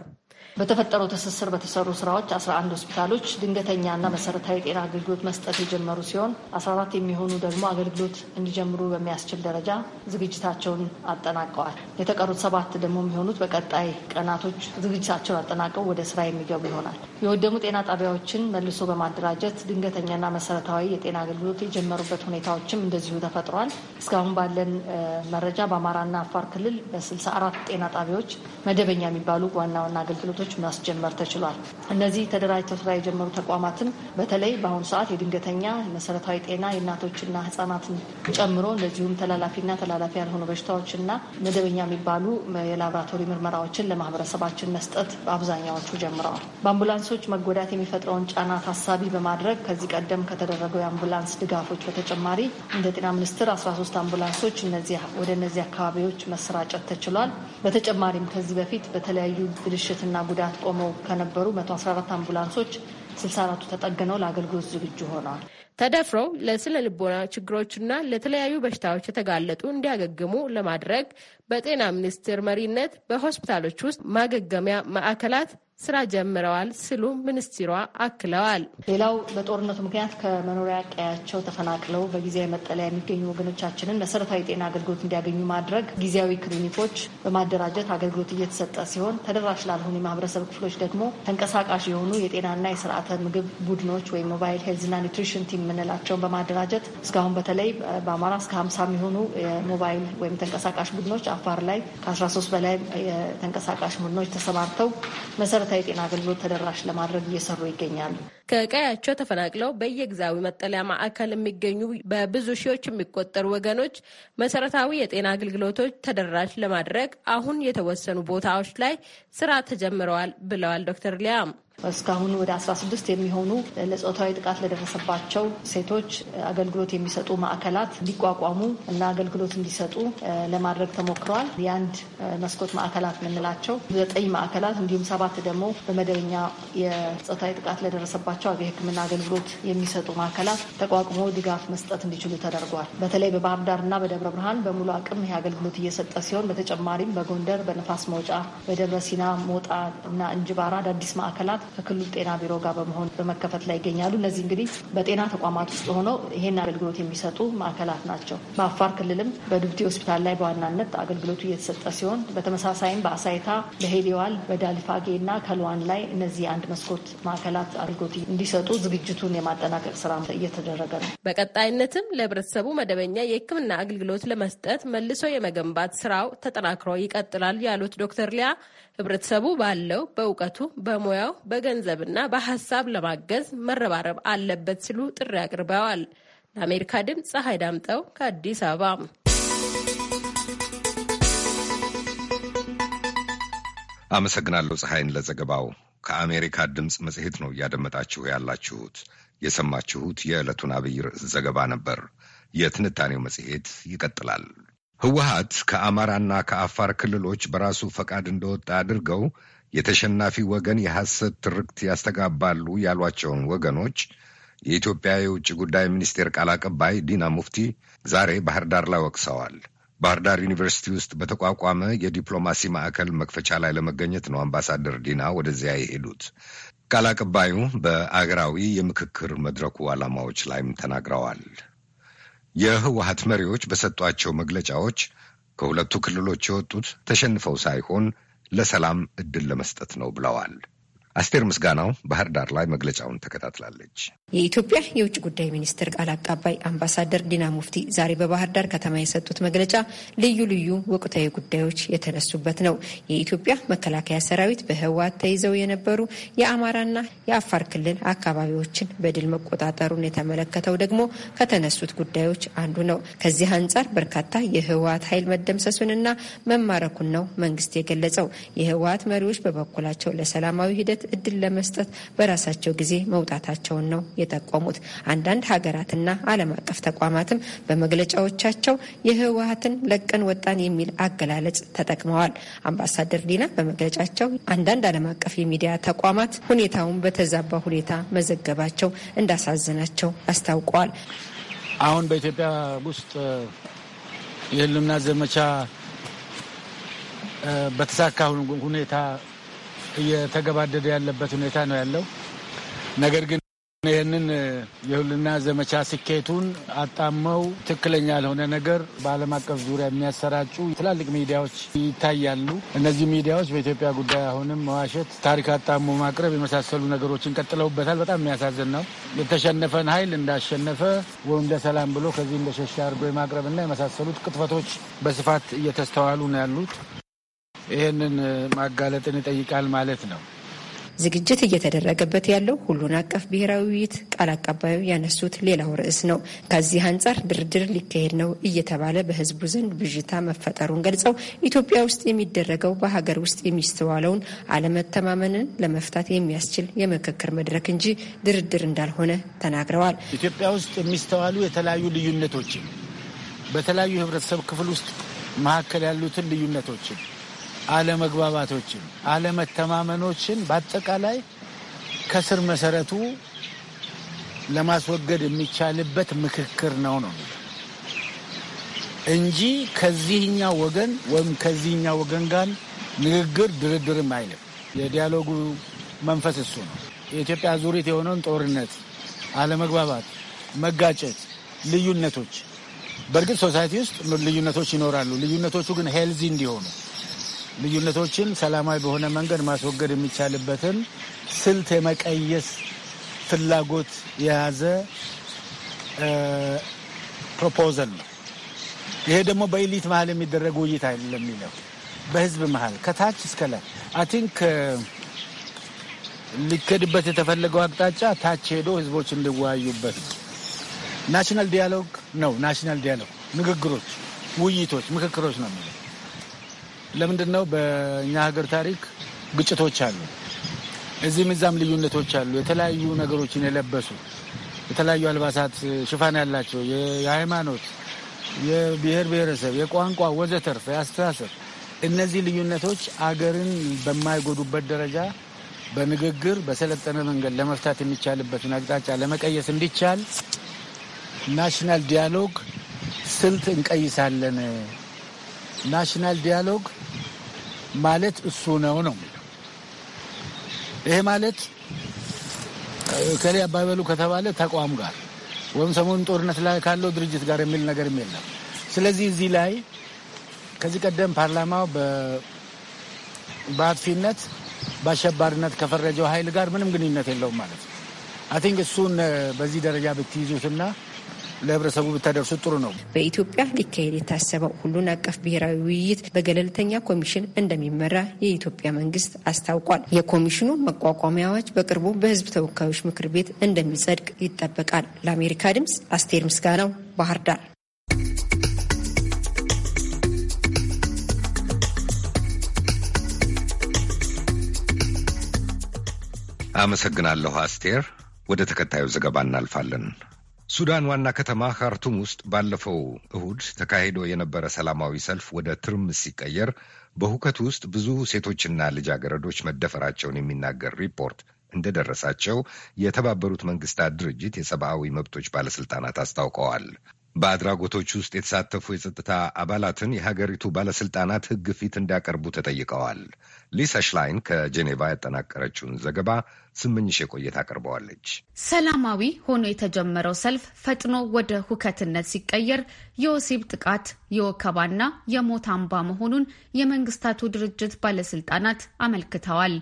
በተፈጠረው ትስስር በተሰሩ ስራዎች 11 ሆስፒታሎች ድንገተኛና መሰረታዊ ጤና አገልግሎት መስጠት የጀመሩ ሲሆን 14 የሚሆኑ ደግሞ አገልግሎት እንዲጀምሩ በሚያስችል ደረጃ ዝግጅታቸውን አጠናቀዋል። የተቀሩት ሰባት ደግሞ የሚሆኑት በቀጣይ ቀናቶች ዝግጅታቸውን አጠናቀው ወደ ስራ የሚገቡ ይሆናል። የወደሙ ጤና ጣቢያዎችን መልሶ በማደራጀት ድንገተኛና መሰረታዊ የጤና አገልግሎት የጀመሩበት ሁኔታዎችም እንደዚሁ ተፈጥሯል። እስካሁን ባለን መረጃ በአማራና አፋር ክልል በ64 ጤና ጣቢያዎች መደበኛ የሚባሉ ዋና ዋና አገልግሎቶች ፕሮጀክቶች ማስጀመር ተችሏል። እነዚህ ተደራጅተው ስራ የጀመሩ ተቋማትን በተለይ በአሁኑ ሰዓት የድንገተኛ መሰረታዊ ጤና የእናቶችና ህጻናትን ጨምሮ እንደዚሁም ተላላፊና ተላላፊ ያልሆኑ በሽታዎችና መደበኛ የሚባሉ የላቦራቶሪ ምርመራዎችን ለማህበረሰባችን መስጠት በአብዛኛዎቹ ጀምረዋል። በአምቡላንሶች መጎዳት የሚፈጥረውን ጫና ታሳቢ በማድረግ ከዚህ ቀደም ከተደረገው የአምቡላንስ ድጋፎች በተጨማሪ እንደ ጤና ሚኒስቴር 13 አምቡላንሶች ወደ እነዚህ አካባቢዎች መሰራጨት ተችሏል። በተጨማሪም ከዚህ በፊት በተለያዩ ብልሽትና ጉ ጉዳት ቆመው ከነበሩ 114 አምቡላንሶች 64ቱ ተጠግነው ለአገልግሎት ዝግጁ ሆነዋል። ተደፍረው ለስነ ልቦና ችግሮችና ለተለያዩ በሽታዎች የተጋለጡ እንዲያገግሙ ለማድረግ በጤና ሚኒስቴር መሪነት በሆስፒታሎች ውስጥ ማገገሚያ ማዕከላት ስራ ጀምረዋል ሲሉ ሚኒስትሯ አክለዋል። ሌላው በጦርነቱ ምክንያት ከመኖሪያ ቀያቸው ተፈናቅለው በጊዜያዊ መጠለያ የሚገኙ ወገኖቻችንን መሰረታዊ የጤና አገልግሎት እንዲያገኙ ማድረግ ጊዜያዊ ክሊኒኮች በማደራጀት አገልግሎት እየተሰጠ ሲሆን ተደራሽ ላልሆኑ የማህበረሰብ ክፍሎች ደግሞ ተንቀሳቃሽ የሆኑ የጤናና የስርዓተ ምግብ ቡድኖች ወይም ሞባይል ሄልዝና ኒትሪሽን ቲም የምንላቸውን በማደራጀት እስካሁን በተለይ በአማራ እስከ ሀምሳ የሚሆኑ የሞባይል ወይም ተንቀሳቃሽ ቡድኖች አፋር ላይ ከ13 በላይ የተንቀሳቃሽ ቡድኖች ተሰማርተው መሰረ መሰረታዊ የጤና አገልግሎት ተደራሽ ለማድረግ እየሰሩ ይገኛሉ። ከቀያቸው ተፈናቅለው በየጊዜያዊ መጠለያ ማዕከል የሚገኙ በብዙ ሺዎች የሚቆጠሩ ወገኖች መሰረታዊ የጤና አገልግሎቶች ተደራሽ ለማድረግ አሁን የተወሰኑ ቦታዎች ላይ ስራ ተጀምረዋል ብለዋል ዶክተር ሊያም እስካሁን ወደ 16 የሚሆኑ ለጾታዊ ጥቃት ለደረሰባቸው ሴቶች አገልግሎት የሚሰጡ ማዕከላት እንዲቋቋሙ እና አገልግሎት እንዲሰጡ ለማድረግ ተሞክረዋል። የአንድ መስኮት ማዕከላት የምንላቸው ዘጠኝ ማዕከላት እንዲሁም ሰባት ደግሞ በመደበኛ የጾታዊ ጥቃት ለደረሰባቸው ህክምና አገልግሎት የሚሰጡ ማዕከላት ተቋቁሞ ድጋፍ መስጠት እንዲችሉ ተደርጓል። በተለይ በባህር ዳር እና በደብረ ብርሃን በሙሉ አቅም ይህ አገልግሎት እየሰጠ ሲሆን በተጨማሪም በጎንደር በነፋስ መውጫ፣ በደብረ ሲና፣ ሞጣ እና እንጅባራ አዳዲስ ማዕከላት ከክልሉ ጤና ቢሮ ጋር በመሆን በመከፈት ላይ ይገኛሉ። እነዚህ እንግዲህ በጤና ተቋማት ውስጥ ሆነው ይህን አገልግሎት የሚሰጡ ማዕከላት ናቸው። በአፋር ክልልም በዱብቲ ሆስፒታል ላይ በዋናነት አገልግሎቱ እየተሰጠ ሲሆን በተመሳሳይም በአሳይታ፣ በሄሊዋል፣ በዳሊፋጌ እና ከልዋን ላይ እነዚህ አንድ መስኮት ማዕከላት አገልግሎት እንዲሰጡ ዝግጅቱን የማጠናቀቅ ስራ እየተደረገ ነው። በቀጣይነትም ለህብረተሰቡ መደበኛ የህክምና አገልግሎት ለመስጠት መልሶ የመገንባት ስራው ተጠናክሮ ይቀጥላል ያሉት ዶክተር ሊያ ህብረተሰቡ ባለው በእውቀቱ፣ በሙያው፣ በ በገንዘብና በሀሳብ ለማገዝ መረባረብ አለበት ሲሉ ጥሪ አቅርበዋል። ለአሜሪካ ድምፅ ፀሐይ ዳምጠው ከአዲስ አበባ። አመሰግናለሁ ፀሐይን ለዘገባው። ከአሜሪካ ድምፅ መጽሔት ነው እያደመጣችሁ ያላችሁት። የሰማችሁት የዕለቱን አብይ ርዕስ ዘገባ ነበር። የትንታኔው መጽሔት ይቀጥላል። ህወሀት ከአማራና ከአፋር ክልሎች በራሱ ፈቃድ እንደወጣ አድርገው የተሸናፊ ወገን የሐሰት ትርክት ያስተጋባሉ ያሏቸውን ወገኖች የኢትዮጵያ የውጭ ጉዳይ ሚኒስቴር ቃል አቀባይ ዲና ሙፍቲ ዛሬ ባህር ዳር ላይ ወቅሰዋል። ባህር ዳር ዩኒቨርሲቲ ውስጥ በተቋቋመ የዲፕሎማሲ ማዕከል መክፈቻ ላይ ለመገኘት ነው አምባሳደር ዲና ወደዚያ የሄዱት። ቃል አቀባዩ በአገራዊ የምክክር መድረኩ ዓላማዎች ላይም ተናግረዋል። የህወሀት መሪዎች በሰጧቸው መግለጫዎች ከሁለቱ ክልሎች የወጡት ተሸንፈው ሳይሆን ለሰላም እድል ለመስጠት ነው ብለዋል። አስቴር ምስጋናው ባህር ዳር ላይ መግለጫውን ተከታትላለች። የኢትዮጵያ የውጭ ጉዳይ ሚኒስትር ቃል አቃባይ አምባሳደር ዲና ሙፍቲ ዛሬ በባህር ዳር ከተማ የሰጡት መግለጫ ልዩ ልዩ ወቅታዊ ጉዳዮች የተነሱበት ነው። የኢትዮጵያ መከላከያ ሰራዊት በህወሓት ተይዘው የነበሩ የአማራና የአፋር ክልል አካባቢዎችን በድል መቆጣጠሩን የተመለከተው ደግሞ ከተነሱት ጉዳዮች አንዱ ነው። ከዚህ አንጻር በርካታ የህወሓት ኃይል መደምሰሱንና መማረኩን ነው መንግስት የገለጸው። የህወሓት መሪዎች በበኩላቸው ለሰላማዊ ሂደት እድል ለመስጠት በራሳቸው ጊዜ መውጣታቸውን ነው የጠቆሙት። አንዳንድ ሀገራትና ዓለም አቀፍ ተቋማትም በመግለጫዎቻቸው የህወሀትን ለቀን ወጣን የሚል አገላለጽ ተጠቅመዋል። አምባሳደር ዲና በመግለጫቸው አንዳንድ ዓለም አቀፍ የሚዲያ ተቋማት ሁኔታውን በተዛባ ሁኔታ መዘገባቸው እንዳሳዘናቸው አስታውቀዋል። አሁን በኢትዮጵያ ውስጥ የህልምና ዘመቻ በተሳካ ሁኔታ እየተገባደደ ያለበት ሁኔታ ነው ያለው። ነገር ግን ይህንን የህልውና ዘመቻ ስኬቱን አጣመው ትክክለኛ ያልሆነ ነገር በዓለም አቀፍ ዙሪያ የሚያሰራጩ ትላልቅ ሚዲያዎች ይታያሉ። እነዚህ ሚዲያዎች በኢትዮጵያ ጉዳይ አሁንም መዋሸት፣ ታሪክ አጣሞ ማቅረብ የመሳሰሉ ነገሮችን ቀጥለውበታል። በጣም የሚያሳዝን ነው። የተሸነፈን ኃይል እንዳሸነፈ ወይም ለሰላም ብሎ ከዚህ እንደሸሻ አድርጎ የማቅረብና የመሳሰሉት ቅጥፈቶች በስፋት እየተስተዋሉ ነው ያሉት። ይህንን ማጋለጥን ይጠይቃል ማለት ነው። ዝግጅት እየተደረገበት ያለው ሁሉን አቀፍ ብሔራዊ ውይይት ቃል አቀባዩ ያነሱት ሌላው ርዕስ ነው። ከዚህ አንጻር ድርድር ሊካሄድ ነው እየተባለ በህዝቡ ዘንድ ብዥታ መፈጠሩን ገልጸው ኢትዮጵያ ውስጥ የሚደረገው በሀገር ውስጥ የሚስተዋለውን አለመተማመንን ለመፍታት የሚያስችል የምክክር መድረክ እንጂ ድርድር እንዳልሆነ ተናግረዋል። ኢትዮጵያ ውስጥ የሚስተዋሉ የተለያዩ ልዩነቶችን በተለያዩ የህብረተሰብ ክፍል ውስጥ መካከል ያሉትን ልዩነቶችን አለመግባባቶችን፣ አለመተማመኖችን በአጠቃላይ ከስር መሰረቱ ለማስወገድ የሚቻልበት ምክክር ነው ነው እንጂ ከዚህኛ ወገን ወይም ከዚህኛ ወገን ጋር ንግግር ድርድርም አይልም። የዲያሎጉ መንፈስ እሱ ነው። የኢትዮጵያ ዙሪት የሆነውን ጦርነት፣ አለመግባባት፣ መጋጨት፣ ልዩነቶች በእርግጥ ሶሳይቲ ውስጥ ልዩነቶች ይኖራሉ። ልዩነቶቹ ግን ሄልዚ እንዲሆኑ ልዩነቶችን ሰላማዊ በሆነ መንገድ ማስወገድ የሚቻልበትን ስልት የመቀየስ ፍላጎት የያዘ ፕሮፖዘል ነው። ይሄ ደግሞ በኢሊት መሀል የሚደረግ ውይይት አይደለም የሚለው በህዝብ መሀል ከታች እስከ ላይ አይ ቲንክ ሊከድበት የተፈለገው አቅጣጫ ታች ሄዶ ህዝቦች እንዲወያዩበት ነው። ናሽናል ዲያሎግ ነው። ናሽናል ዲያሎግ ንግግሮች፣ ውይይቶች፣ ምክክሮች ነው የሚለው ለምንድን ነው በእኛ ሀገር ታሪክ ግጭቶች አሉ፣ እዚህም እዛም ልዩነቶች አሉ። የተለያዩ ነገሮችን የለበሱ የተለያዩ አልባሳት ሽፋን ያላቸው የሃይማኖት፣ የብሔር ብሔረሰብ፣ የቋንቋ ወዘተርፍ የአስተሳሰብ እነዚህ ልዩነቶች አገርን በማይጎዱበት ደረጃ በንግግር በሰለጠነ መንገድ ለመፍታት የሚቻልበትን አቅጣጫ ለመቀየስ እንዲቻል ናሽናል ዲያሎግ ስልት እንቀይሳለን። ናሽናል ዲያሎግ ማለት እሱ ነው ነው ይሄ ማለት ከሌ አባበሉ ከተባለ ተቋም ጋር ወይም ሰሞኑን ጦርነት ላይ ካለው ድርጅት ጋር የሚል ነገርም የለም። ስለዚህ እዚህ ላይ ከዚህ ቀደም ፓርላማው በአጥፊነት በአሸባሪነት ከፈረጀው ኃይል ጋር ምንም ግንኙነት የለውም ማለት ነው። አይ ቲንክ እሱን በዚህ ደረጃ ብትይዙትና ለህብረተሰቡ ብታደርሱ ጥሩ ነው። በኢትዮጵያ ሊካሄድ የታሰበው ሁሉን አቀፍ ብሔራዊ ውይይት በገለልተኛ ኮሚሽን እንደሚመራ የኢትዮጵያ መንግስት አስታውቋል። የኮሚሽኑ መቋቋሚያዎች በቅርቡ በህዝብ ተወካዮች ምክር ቤት እንደሚጸድቅ ይጠበቃል። ለአሜሪካ ድምጽ አስቴር ምስጋናው ባህር ዳር። አመሰግናለሁ አስቴር። ወደ ተከታዩ ዘገባ እናልፋለን። ሱዳን ዋና ከተማ ካርቱም ውስጥ ባለፈው እሁድ ተካሂዶ የነበረ ሰላማዊ ሰልፍ ወደ ትርምስ ሲቀየር በሁከት ውስጥ ብዙ ሴቶችና ልጃገረዶች መደፈራቸውን የሚናገር ሪፖርት እንደደረሳቸው የተባበሩት መንግስታት ድርጅት የሰብአዊ መብቶች ባለስልጣናት አስታውቀዋል። በአድራጎቶች ውስጥ የተሳተፉ የጸጥታ አባላትን የሀገሪቱ ባለስልጣናት ሕግ ፊት እንዲያቀርቡ ተጠይቀዋል። ሊሳ ሽላይን ከጄኔቫ ያጠናቀረችውን ዘገባ ስምኝሽ የቆየት አቅርበዋለች። ሰላማዊ ሆኖ የተጀመረው ሰልፍ ፈጥኖ ወደ ሁከትነት ሲቀየር የወሲብ ጥቃት፣ የወከባና የሞት አምባ መሆኑን የመንግስታቱ ድርጅት ባለስልጣናት አመልክተዋል።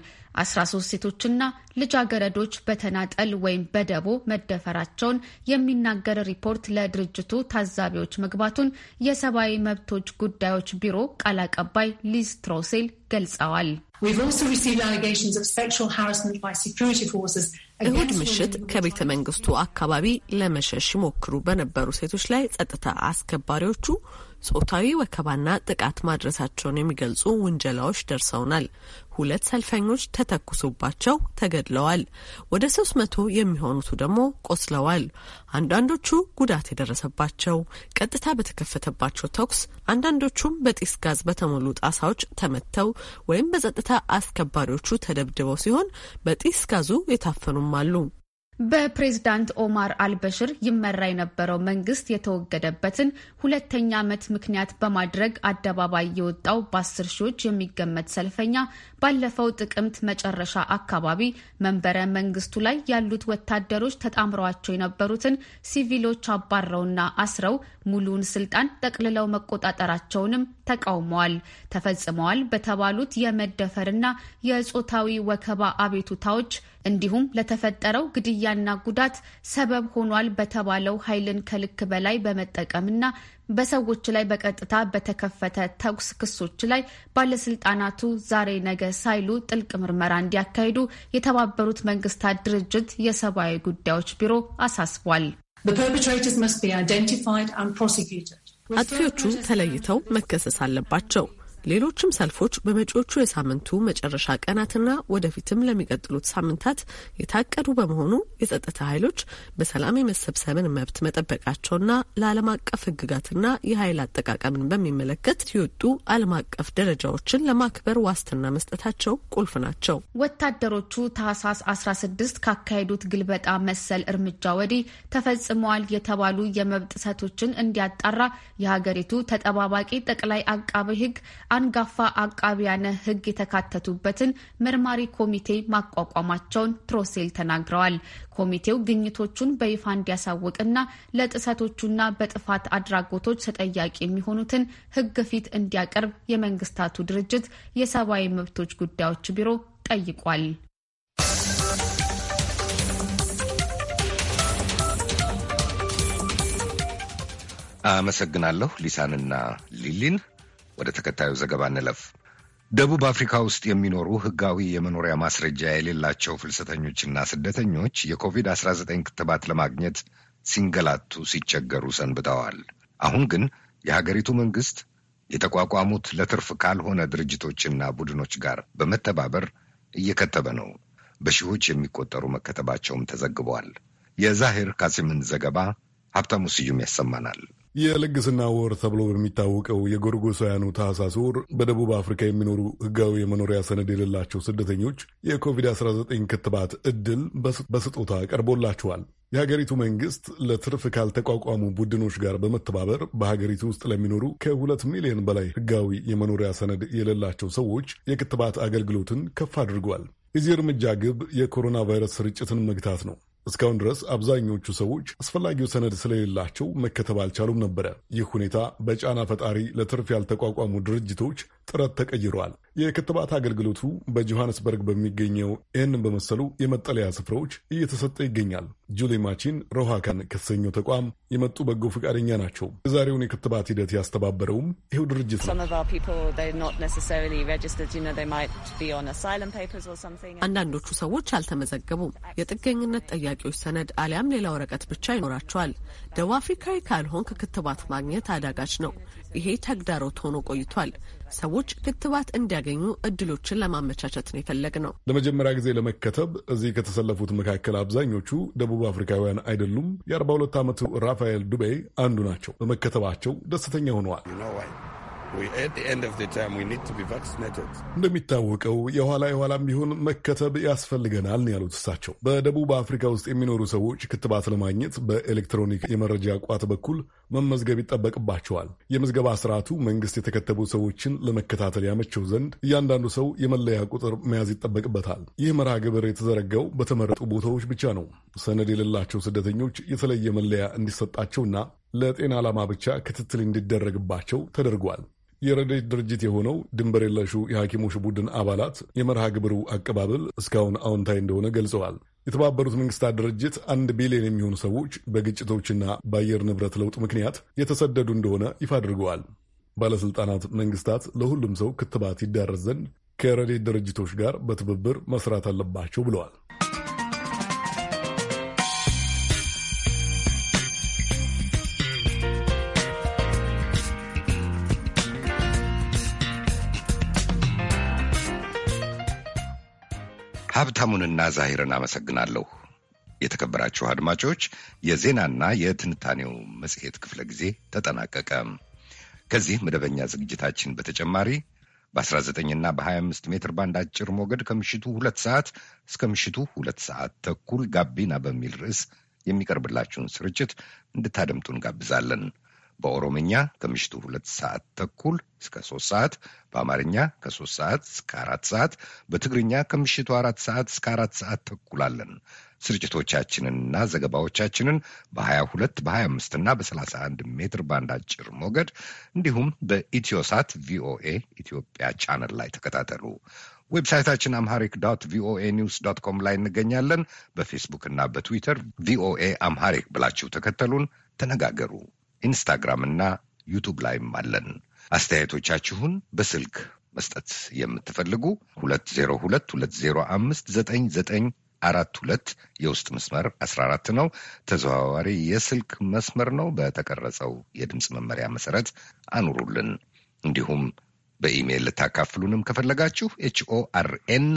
13 ሴቶችና ልጃገረዶች በተናጠል ወይም በደቦ መደፈራቸውን የሚናገር ሪፖርት ለድርጅቱ ታዛቢዎች መግባቱን የሰብአዊ መብቶች ጉዳዮች ቢሮ ቃል አቀባይ ሊዝ ትሮሴል ገልጸዋል። እሁድ ምሽት ከቤተ መንግስቱ አካባቢ ለመሸሽ ይሞክሩ በነበሩ ሴቶች ላይ ጸጥታ አስከባሪዎቹ ጾታዊ ወከባና ጥቃት ማድረሳቸውን የሚገልጹ ውንጀላዎች ደርሰውናል። ሁለት ሰልፈኞች ተተኩሶባቸው ተገድለዋል። ወደ ሶስት መቶ የሚሆኑቱ ደግሞ ቆስለዋል። አንዳንዶቹ ጉዳት የደረሰባቸው ቀጥታ በተከፈተባቸው ተኩስ፣ አንዳንዶቹም በጢስ ጋዝ በተሞሉ ጣሳዎች ተመተው ወይም በጸጥታ አስከባሪዎቹ ተደብድበው ሲሆን በጢስ ጋዙ የታፈኑም አሉ። በፕሬዝዳንት ኦማር አልበሽር ይመራ የነበረው መንግስት የተወገደበትን ሁለተኛ ዓመት ምክንያት በማድረግ አደባባይ የወጣው በአስር ሺዎች የሚገመት ሰልፈኛ ባለፈው ጥቅምት መጨረሻ አካባቢ መንበረ መንግስቱ ላይ ያሉት ወታደሮች ተጣምረዋቸው የነበሩትን ሲቪሎች አባረውና አስረው ሙሉውን ስልጣን ጠቅልለው መቆጣጠራቸውንም ተቃውመዋል። ተፈጽመዋል በተባሉት የመደፈርና የጾታዊ ወከባ አቤቱታዎች እንዲሁም ለተፈጠረው ግድያና ጉዳት ሰበብ ሆኗል በተባለው ኃይልን ከልክ በላይ በመጠቀምና በሰዎች ላይ በቀጥታ በተከፈተ ተኩስ ክሶች ላይ ባለስልጣናቱ ዛሬ ነገ ሳይሉ ጥልቅ ምርመራ እንዲያካሂዱ የተባበሩት መንግስታት ድርጅት የሰብአዊ ጉዳዮች ቢሮ አሳስቧል። አጥፊዎቹ ተለይተው መከሰስ አለባቸው። ሌሎችም ሰልፎች በመጪዎቹ የሳምንቱ መጨረሻ ቀናትና ወደፊትም ለሚቀጥሉት ሳምንታት የታቀዱ በመሆኑ የጸጥታ ኃይሎች በሰላም የመሰብሰብን መብት መጠበቃቸውና ለዓለም አቀፍ ሕግጋትና የኃይል አጠቃቀምን በሚመለከት የወጡ ዓለም አቀፍ ደረጃዎችን ለማክበር ዋስትና መስጠታቸው ቁልፍ ናቸው። ወታደሮቹ ታህሳስ 16 ካካሄዱት ግልበጣ መሰል እርምጃ ወዲህ ተፈጽመዋል የተባሉ የመብት ጥሰቶችን እንዲያጣራ የሀገሪቱ ተጠባባቂ ጠቅላይ አቃቤ ሕግ አንጋፋ አቃቢያነ ሕግ የተካተቱበትን መርማሪ ኮሚቴ ማቋቋማቸውን ትሮሴል ተናግረዋል። ኮሚቴው ግኝቶቹን በይፋ እንዲያሳውቅና ለጥሰቶቹና በጥፋት አድራጎቶች ተጠያቂ የሚሆኑትን ሕግ ፊት እንዲያቀርብ የመንግስታቱ ድርጅት የሰብአዊ መብቶች ጉዳዮች ቢሮ ጠይቋል። አመሰግናለሁ ሊሳንና ሊሊን። ወደ ተከታዩ ዘገባ እንለፍ። ደቡብ አፍሪካ ውስጥ የሚኖሩ ህጋዊ የመኖሪያ ማስረጃ የሌላቸው ፍልሰተኞችና ስደተኞች የኮቪድ-19 ክትባት ለማግኘት ሲንገላቱ ሲቸገሩ ሰንብተዋል። አሁን ግን የሀገሪቱ መንግስት የተቋቋሙት ለትርፍ ካልሆነ ድርጅቶችና ቡድኖች ጋር በመተባበር እየከተበ ነው። በሺዎች የሚቆጠሩ መከተባቸውም ተዘግበዋል። የዛሄር ካሲምን ዘገባ ሀብታሙ ስዩም ያሰማናል። የልግስና ወር ተብሎ በሚታወቀው የጎርጎሳውያኑ ታህሳስ ወር በደቡብ አፍሪካ የሚኖሩ ህጋዊ የመኖሪያ ሰነድ የሌላቸው ስደተኞች የኮቪድ-19 ክትባት ዕድል በስጦታ ቀርቦላቸዋል። የሀገሪቱ መንግስት ለትርፍ ካልተቋቋሙ ቡድኖች ጋር በመተባበር በሀገሪቱ ውስጥ ለሚኖሩ ከሁለት ሚሊዮን በላይ ህጋዊ የመኖሪያ ሰነድ የሌላቸው ሰዎች የክትባት አገልግሎትን ከፍ አድርጓል። የዚህ እርምጃ ግብ የኮሮና ቫይረስ ስርጭትን መግታት ነው። እስካሁን ድረስ አብዛኞቹ ሰዎች አስፈላጊው ሰነድ ስለሌላቸው መከተብ አልቻሉም ነበረ። ይህ ሁኔታ በጫና ፈጣሪ ለትርፍ ያልተቋቋሙ ድርጅቶች ጥረት ተቀይሯል። የክትባት አገልግሎቱ በጆሐንስበርግ በሚገኘው ይህንን በመሰሉ የመጠለያ ስፍራዎች እየተሰጠ ይገኛል። ጁሌ ማቺን ሮሃካን ከተሰኘው ተቋም የመጡ በጎ ፈቃደኛ ናቸው። የዛሬውን የክትባት ሂደት ያስተባበረውም ይኸው ድርጅት ነው። አንዳንዶቹ ሰዎች አልተመዘገቡም። የጥገኝነት ጠያቂዎች ሰነድ አሊያም ሌላ ወረቀት ብቻ ይኖራቸዋል። ደቡብ አፍሪካዊ ካልሆንክ ክትባት ማግኘት አዳጋች ነው። ይሄ ተግዳሮት ሆኖ ቆይቷል። ሰዎች ክትባት እንዲያገኙ እድሎችን ለማመቻቸት ነው የፈለግ ነው። ለመጀመሪያ ጊዜ ለመከተብ እዚህ ከተሰለፉት መካከል አብዛኞቹ ደቡብ አፍሪካውያን አይደሉም። የ42 ዓመቱ ራፋኤል ዱቤይ አንዱ ናቸው። በመከተባቸው ደስተኛ ሆነዋል። እንደሚታወቀው የኋላ የኋላም ቢሆን መከተብ ያስፈልገናል ያሉት እሳቸው በደቡብ አፍሪካ ውስጥ የሚኖሩ ሰዎች ክትባት ለማግኘት በኤሌክትሮኒክ የመረጃ ቋት በኩል መመዝገብ ይጠበቅባቸዋል። የምዝገባ ስርዓቱ መንግስት የተከተቡ ሰዎችን ለመከታተል ያመቸው ዘንድ እያንዳንዱ ሰው የመለያ ቁጥር መያዝ ይጠበቅበታል። ይህ መርሃ ግብር የተዘረጋው በተመረጡ ቦታዎች ብቻ ነው። ሰነድ የሌላቸው ስደተኞች የተለየ መለያ እንዲሰጣቸውና ለጤና ዓላማ ብቻ ክትትል እንዲደረግባቸው ተደርጓል። የረዴት ድርጅት የሆነው ድንበር የለሹ የሐኪሞች ቡድን አባላት የመርሃ ግብሩ አቀባበል እስካሁን አዎንታዊ እንደሆነ ገልጸዋል። የተባበሩት መንግስታት ድርጅት አንድ ቢሊዮን የሚሆኑ ሰዎች በግጭቶችና በአየር ንብረት ለውጥ ምክንያት የተሰደዱ እንደሆነ ይፋ አድርገዋል። ባለሥልጣናት መንግስታት ለሁሉም ሰው ክትባት ይዳረስ ዘንድ ከረዴት ድርጅቶች ጋር በትብብር መስራት አለባቸው ብለዋል። ሀብታሙንና ዛሂርን አመሰግናለሁ። የተከበራችሁ አድማጮች፣ የዜናና የትንታኔው መጽሔት ክፍለ ጊዜ ተጠናቀቀ። ከዚህ መደበኛ ዝግጅታችን በተጨማሪ በ19ና በ25 ሜትር ባንድ አጭር ሞገድ ከምሽቱ ሁለት ሰዓት እስከ ምሽቱ ሁለት ሰዓት ተኩል ጋቢና በሚል ርዕስ የሚቀርብላችሁን ስርጭት እንድታደምጡ እንጋብዛለን። በኦሮምኛ ከምሽቱ ሁለት ሰዓት ተኩል እስከ ሶስት ሰዓት በአማርኛ ከሶስት ሰዓት እስከ አራት ሰዓት በትግርኛ ከምሽቱ አራት ሰዓት እስከ አራት ሰዓት ተኩል አለን። ስርጭቶቻችንንና ዘገባዎቻችንን በ22 በ25 እና በ31 ሜትር ባንድ አጭር ሞገድ እንዲሁም በኢትዮሳት ቪኦኤ ኢትዮጵያ ቻነል ላይ ተከታተሉ። ዌብሳይታችን አምሃሪክ ዶት ቪኦኤ ኒውስ ዶት ኮም ላይ እንገኛለን። በፌስቡክ እና በትዊተር ቪኦኤ አምሃሪክ ብላችሁ ተከተሉን፣ ተነጋገሩ። ኢንስታግራም እና ዩቱብ ላይም አለን። አስተያየቶቻችሁን በስልክ መስጠት የምትፈልጉ 2022059942 የውስጥ መስመር 14 ነው። ተዘዋዋሪ የስልክ መስመር ነው። በተቀረጸው የድምፅ መመሪያ መሰረት አኑሩልን። እንዲሁም በኢሜይል ልታካፍሉንም ከፈለጋችሁ ኤችኦአርኤን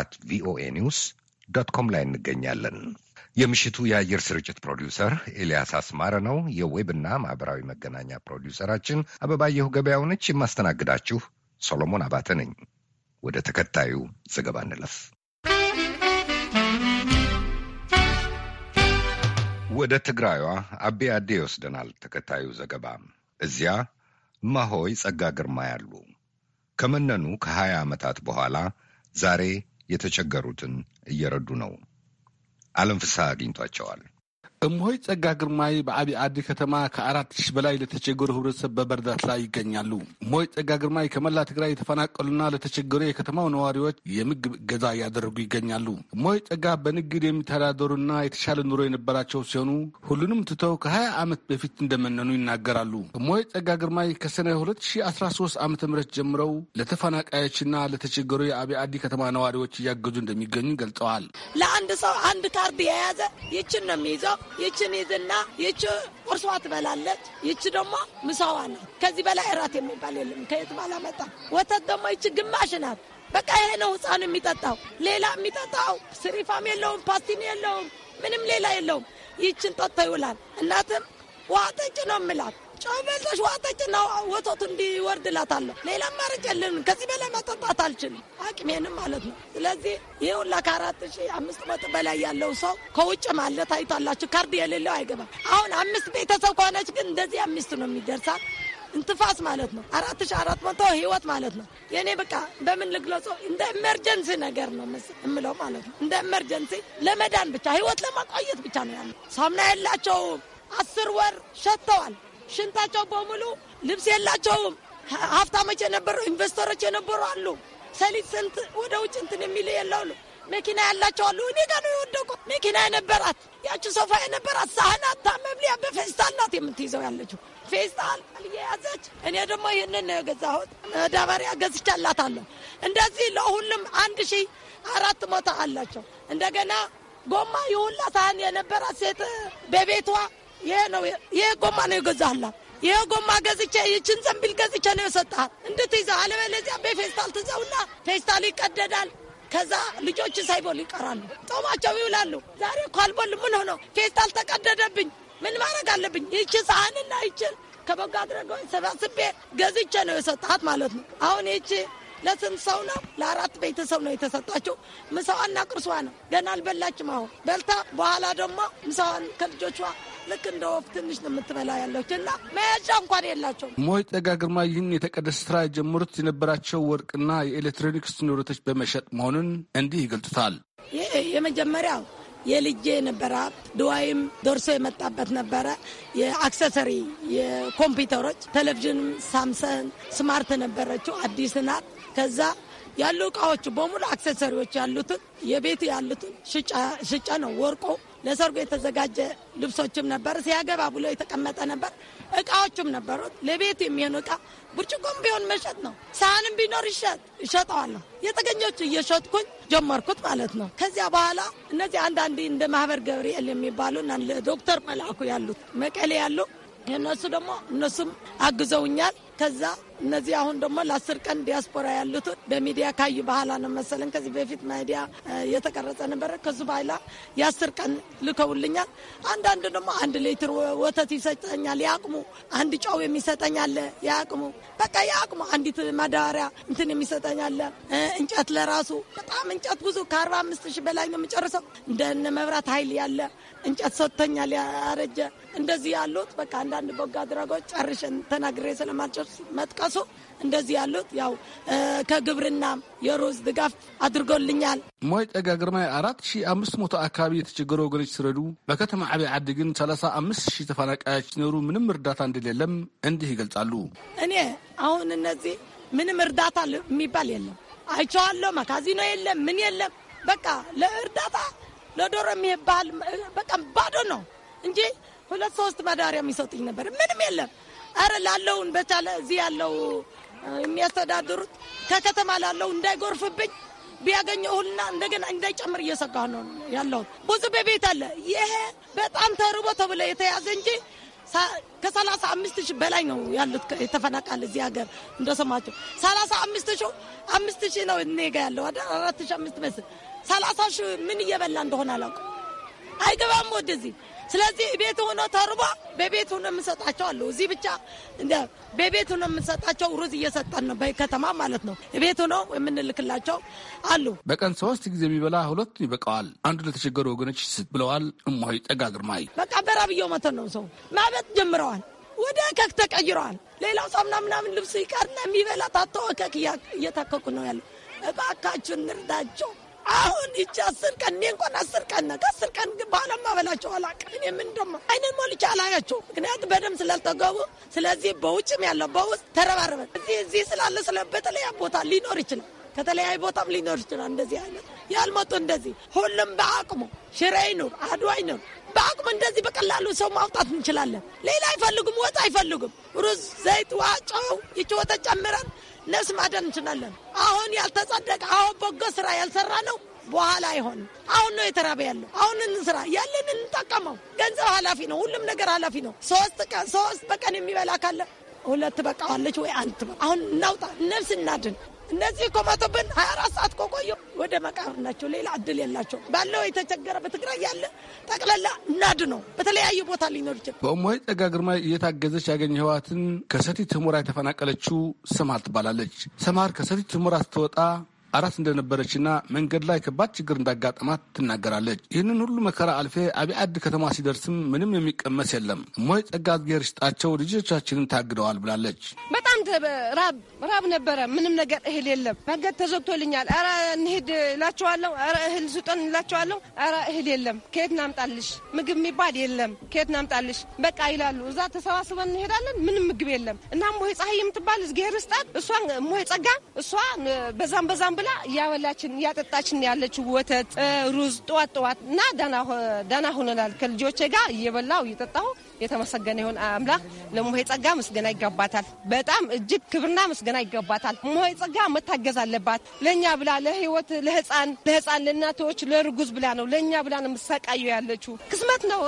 አት ቪኦኤ ኒውስ ዶት ኮም ላይ እንገኛለን። የምሽቱ የአየር ስርጭት ፕሮዲውሰር ኤልያስ አስማረ ነው። የዌብና ማህበራዊ መገናኛ ፕሮዲውሰራችን አበባየሁ ገበያው ነች። የማስተናግዳችሁ ሶሎሞን አባተ ነኝ። ወደ ተከታዩ ዘገባ እንለፍ። ወደ ትግራይዋ አቤ አዴ ይወስደናል ተከታዩ ዘገባ። እዚያ ማሆይ ጸጋ ግርማ ያሉ ከመነኑ ከሀያ ዓመታት በኋላ ዛሬ የተቸገሩትን እየረዱ ነው። አለም ፍስሐ አግኝቷቸዋል። እምሆይ ጸጋ ግርማይ በዓብይ ዓዲ ከተማ ከአራት ሺህ በላይ ለተቸገሩ ህብረተሰብ በመርዳት ላይ ይገኛሉ። እምሆይ ጸጋ ግርማይ ከመላ ትግራይ የተፈናቀሉና ለተቸገሩ የከተማው ነዋሪዎች የምግብ እገዛ እያደረጉ ይገኛሉ። እምሆይ ጸጋ በንግድ የሚተዳደሩና የተሻለ ኑሮ የነበራቸው ሲሆኑ ሁሉንም ትተው ከ20 ዓመት በፊት እንደመነኑ ይናገራሉ። እምሆይ ጸጋ ግርማይ ከሰነ 2013 ዓ ም ጀምረው ለተፈናቃዮችና ለተቸገሩ የዓብይ ዓዲ ከተማ ነዋሪዎች እያገዙ እንደሚገኙ ገልጸዋል። ለአንድ ሰው አንድ ካርድ የያዘ ይችን ነው የሚይዘው ይችን ይዝና ይች ቁርሷ ትበላለች፣ ይች ደግሞ ምሳዋ ነው። ከዚህ በላይ እራት የሚባል የለም። ከየት ባላመጣ ወተት ደግሞ ይች ግማሽ ናት። በቃ ይሄ ነው ህፃኑ የሚጠጣው። ሌላ የሚጠጣው ስሪፋም የለውም፣ ፓስቲን የለውም፣ ምንም ሌላ የለውም። ይችን ጠጥቶ ይውላል። እናትም ውሃ ጠጭ ነው ምላት ጨው በልተሽ ውሃ ጠጪና ወተቱ እንዲወርድ ሌላ አማራጭ ከዚህ በላይ መጠጣት አልችልም፣ አቅሜንም ማለት ነው። ስለዚህ ይህ ሁላ ከአራት ሺ አምስት መቶ በላይ ያለው ሰው ከውጭ ማለ ታይቷላችሁ። ካርድ የሌለው አይገባም። አሁን አምስት ቤተሰብ ከሆነች ግን እንደዚህ አምስት ነው የሚደርሳል እንትፋስ ማለት ነው። አራት ሺ አራት መቶ ህይወት ማለት ነው። የእኔ በቃ በምን ልግለጾ እንደ ኤመርጀንሲ ነገር ነው የምለው ማለት ነው። እንደ ኤመርጀንሲ ለመዳን ብቻ ህይወት ለማቆየት ብቻ ነው ያለ ሳምና የላቸው አስር ወር ሸጥተዋል። ሽንታቸው በሙሉ ልብስ የላቸውም። ሀብታሞች የነበሩ ኢንቨስተሮች የነበሩ አሉ። ሰሊጥ ስንት ወደ ውጭ እንትን የሚል የለውሉ መኪና ያላቸው አሉ። እኔ ጋር ነው የወደቁ። መኪና የነበራት ያቺ ሶፋ የነበራት ሳህና ታመብሊያ በፌስታል ናት የምትይዘው ያለችው ፌስታል የያዘች። እኔ ደግሞ ይህንን ነው የገዛሁት። ዳበሪያ ገዝቻላታለሁ። እንደዚህ ለሁሉም አንድ ሺህ አራት መቶ አላቸው። እንደገና ጎማ የሁላ ሳህን የነበራት ሴት በቤቷ ይሄ ነው ይሄ ጎማ ነው የገዛህላት ይሄ ጎማ ገዝቼ ይችን ዘንቢል ገዝቼ ነው የሰጠሃል እንድትይዘ አለበለዚያ በፌስታል ትዘውና ፌስታል ይቀደዳል። ከዛ ልጆች ሳይበሉ ይቀራሉ፣ ጦማቸው ይውላሉ። ዛሬ እኮ ምን ሆኖ ፌስታል ተቀደደብኝ። ምን ማድረግ አለብኝ? ይቺ ሳህንና ይችን ከበጎ አድራጎት ሰባስቤ ገዝቼ ነው የሰጣት ማለት ነው። አሁን ይቺ ለስንት ሰው ነው? ለአራት ቤተሰብ ነው የተሰጣችው። ምሳዋና ቅርሷ ነው ገና አልበላችም። አሁን በልታ በኋላ ደግሞ ምሳዋን ከልጆቿ ልክ እንደ ወፍ ትንሽ ነው የምትበላ ያለች እና መያዣ እንኳን የላቸውም። ሞይ ጸጋ ግርማ ይህን የተቀደሰ ስራ የጀመሩት የነበራቸው ወርቅና የኤሌክትሮኒክስ ንብረቶች በመሸጥ መሆኑን እንዲህ ይገልጹታል። ይህ የመጀመሪያው የልጄ ነበረ ድዋይም ደርሶ የመጣበት ነበረ። የአክሰሰሪ የኮምፒውተሮች ቴሌቪዥንም ሳምሰን ስማርት ነበረችው አዲስ ናት። ከዛ ያሉ እቃዎች በሙሉ አክሰሰሪዎች ያሉትን የቤት ያሉትን ሽጫ ነው። ወርቆ ለሰርጉ የተዘጋጀ ልብሶችም ነበር። ሲያገባ ብሎ የተቀመጠ ነበር። እቃዎችም ነበሩት። ለቤት የሚሆን እቃ ብርጭቆም ቢሆን መሸጥ ነው። ሳህንም ቢኖር ይሸጥ ይሸጠዋለሁ። የተገኘች እየሸጥኩኝ ጀመርኩት ማለት ነው። ከዚያ በኋላ እነዚህ አንዳንድ እንደ ማህበር ገብርኤል የሚባሉ ዶክተር መልአኩ ያሉት መቀሌ ያሉ እነሱ ደግሞ እነሱም አግዘውኛል። ከዛ እነዚህ አሁን ደግሞ ለአስር ቀን ዲያስፖራ ያሉትን በሚዲያ ካዩ በኋላ ነው መሰለን ከዚህ በፊት ሚዲያ የተቀረጸ ነበረ። ከሱ በኋላ የአስር ቀን ልከውልኛል። አንዳንድ ደግሞ አንድ ሌትር ወተት ይሰጠኛል፣ የአቅሙ አንድ ጨው የሚሰጠኛለ፣ የአቅሙ በቃ የአቅሙ አንዲት ማዳበሪያ እንትን የሚሰጠኛለ፣ እንጨት ለራሱ በጣም እንጨት ብዙ ከአርባ አምስት ሺህ በላይ ነው የምጨርሰው። እንደነ መብራት ኃይል ያለ እንጨት ሰጥተኛል፣ ያረጀ እንደዚህ ያሉት በቃ አንዳንድ በጎ አድራጎት ጨርሽን ተናግሬ ስለማልጨር መጥቀሱ እንደዚህ ያሉት ያው ከግብርና የሩዝ ድጋፍ አድርጎልኛል። ሞይ ጠጋ ግርማይ አራት ሺ አምስት መቶ አካባቢ የተቸገሩ ወገኖች ሲረዱ በከተማ ዓብይ ዓዲ ግን ሰላሳ አምስት ሺህ ተፈናቃዮች ሲኖሩ ምንም እርዳታ እንደሌለም እንዲህ ይገልጻሉ። እኔ አሁን እነዚህ ምንም እርዳታ የሚባል የለም አይቼዋለሁ። መካዚኖ የለም፣ ምን የለም። በቃ ለእርዳታ ለዶሮ የሚባል በቃ ባዶ ነው እንጂ ሁለት ሶስት መዳሪያ የሚሰጡኝ ነበር። ምንም የለም። አረ ላለውን በቻለ እዚህ ያለው የሚያስተዳድሩት ከከተማ ላለው እንዳይጎርፍብኝ ቢያገኘው ሁልና እንደገና እንዳይጨምር እየሰጋ ነው ያለው። ብዙ በቤት አለ። ይሄ በጣም ተርቦ ተብሎ የተያዘ እንጂ ከሰላሳ አምስት ሺህ በላይ ነው ያሉት የተፈናቃል እዚህ ሀገር እንደሰማቸው ሰላሳ አምስት ሺህ አምስት ሺህ ነው እኔ ያለው አ አራት ሺህ አምስት መስል ሰላሳ ሺህ ምን እየበላ እንደሆነ አላውቅም። አይገባም ወደዚህ ስለዚህ ቤት ሆኖ ተርቦ በቤት ሆኖ የምንሰጣቸው አለ። እዚህ ብቻ በቤት ሆኖ የምንሰጣቸው ሩዝ እየሰጠን ነው፣ በከተማ ማለት ነው። ቤት ሆኖ የምንልክላቸው አሉ። በቀን ሶስት ጊዜ የሚበላ ሁለቱ ይበቃዋል፣ አንዱ ለተቸገሩ ወገኖች ስጥ ብለዋል። እማሆይ ጸጋ ግርማይ በቃ በራብየው መተን ነው ሰው ማበት ጀምረዋል። ወደ እከክ ተቀይረዋል። ሌላው ሳምና ምናምን ልብስ ይቀርና የሚበላ ታቶ እከክ እየታከኩ ነው ያለው። እባካችሁ እንርዳቸው። አሁን ይቺ አስር ቀን እኔ እንኳን አስር ቀን ነው ከአስር ቀን ግን በኋላ ማበላቸው አላውቅም። እኔ ምን ደሞ አይነት ሞልቼ አላያቸው ምክንያቱ በደም ስላልተገቡ። ስለዚህ በውጭም ያለው በውስጥ ተረባረበን እዚህ እዚህ ስላለ ስለ በተለያ ቦታ ሊኖር ይችላል ከተለያዩ ቦታም ሊኖር ይችላል። እንደዚህ አይነት ያልመጡ እንደዚህ ሁሉም በአቅሙ ሽሬ ይኑር አድዋ ይኑር በአቅሙ እንደዚህ በቀላሉ ሰው ማውጣት እንችላለን። ሌላ አይፈልጉም፣ ወጥ አይፈልጉም፣ ሩዝ፣ ዘይት፣ ዋጨው ይቺ ወተት ጨምረን ነፍስ ማዳን እንችላለን። አሁን ያልተጸደቀ አሁን በጎ ስራ ያልሰራ ነው በኋላ አይሆንም። አሁን ነው የተራበ ያለው። አሁን እንስራ ያለን እንጠቀመው። ገንዘብ ኃላፊ ነው። ሁሉም ነገር ኃላፊ ነው። ሶስት ቀን ሶስት በቀን የሚበላ ካለ ሁለት በቃዋለች ወይ አንድ አሁን እናውጣ፣ ነፍስ እናድን። እነዚህ እኮ መቶብን ሀያ ሰዓት ከቆዩ ወደ መቃብር ናቸው። ሌላ እድል የላቸው ባለው የተቸገረ በትግራይ ያለ ጠቅላላ እናድ ነው በተለያዩ ቦታ ሊኖር ይችላል። በእሞይ ጸጋ ግርማ እየታገዘች ህዋትን ከሰቲት ህሙራ የተፈናቀለችው ሰማር ትባላለች። ሰማር ከሰቲት ሁመራ ስትወጣ አራት እንደነበረችና መንገድ ላይ ከባድ ችግር እንዳጋጠማት ትናገራለች። ይህንን ሁሉ መከራ አልፌ አብአድ ከተማ ሲደርስም ምንም የሚቀመስ የለም። ሞይ ጸጋ እግዜር ስጣቸው ልጆቻችንን ታግደዋል ብላለች። በጣም ራብ ራብ ነበረ። ምንም ነገር እህል የለም። መንገድ ተዘግቶልኛል። ኧረ እንሂድ እላቸዋለሁ። ኧረ እህል ስጡን እላቸዋለሁ። ኧረ እህል የለም። ከየት ናምጣልሽ? ምግብ የሚባል የለም። ከየት ናምጣልሽ? በቃ ይላሉ። እዛ ተሰባስበን እንሄዳለን። ምንም ምግብ የለም እና ሞይ ፀሐይ የምትባል እግዜር እሷ ሞይ ጸጋ እሷ በዛም በዛም ብላ እያበላችን እያጠጣችን ያለችው ወተት፣ ሩዝ ጠዋት ጠዋት እና ደህና ሆነናል። ከልጆቼ ጋር እየበላው እየጠጣሁ የተመሰገነ ይሁን አምላክ። ለሞሄ ጸጋ ምስገና ይገባታል። በጣም እጅግ ክብርና ምስገና ይገባታል። ሞሄ ጸጋ መታገዝ አለባት። ለእኛ ብላ ለህይወት ለህፃን ለህፃን ለእናቶች ለርጉዝ ብላ ነው ለእኛ ብላ ነው የምትሰቃየው ያለችው። ክስመት ነው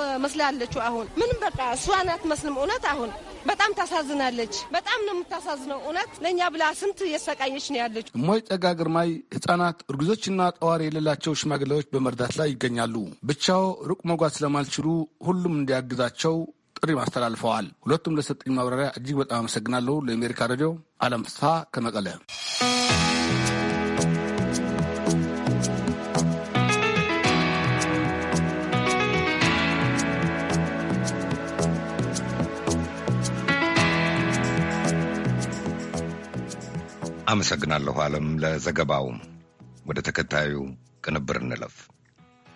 ያለችው አሁን ምንም በቃ እሷ ናት መስልም እውነት አሁን በጣም ታሳዝናለች። በጣም ነው የምታሳዝነው። እውነት ለእኛ ብላ ስንት እየሰቃየች ነው ያለች። እማሆይ ጸጋ ግርማይ ህጻናት፣ እርጉዞችና ጠዋሪ የሌላቸው ሽማግሌዎች በመርዳት ላይ ይገኛሉ። ብቻው ሩቅ መጓዝ ስለማልችሉ ሁሉም እንዲያግዛቸው ጥሪ ማስተላልፈዋል። ሁለቱም ለሰጠኝ ማብራሪያ እጅግ በጣም አመሰግናለሁ። ለአሜሪካ ሬዲዮ አለም ፍስሀ ከመቀለ አመሰግናለሁ ዓለም ለዘገባው። ወደ ተከታዩ ቅንብር እንለፍ።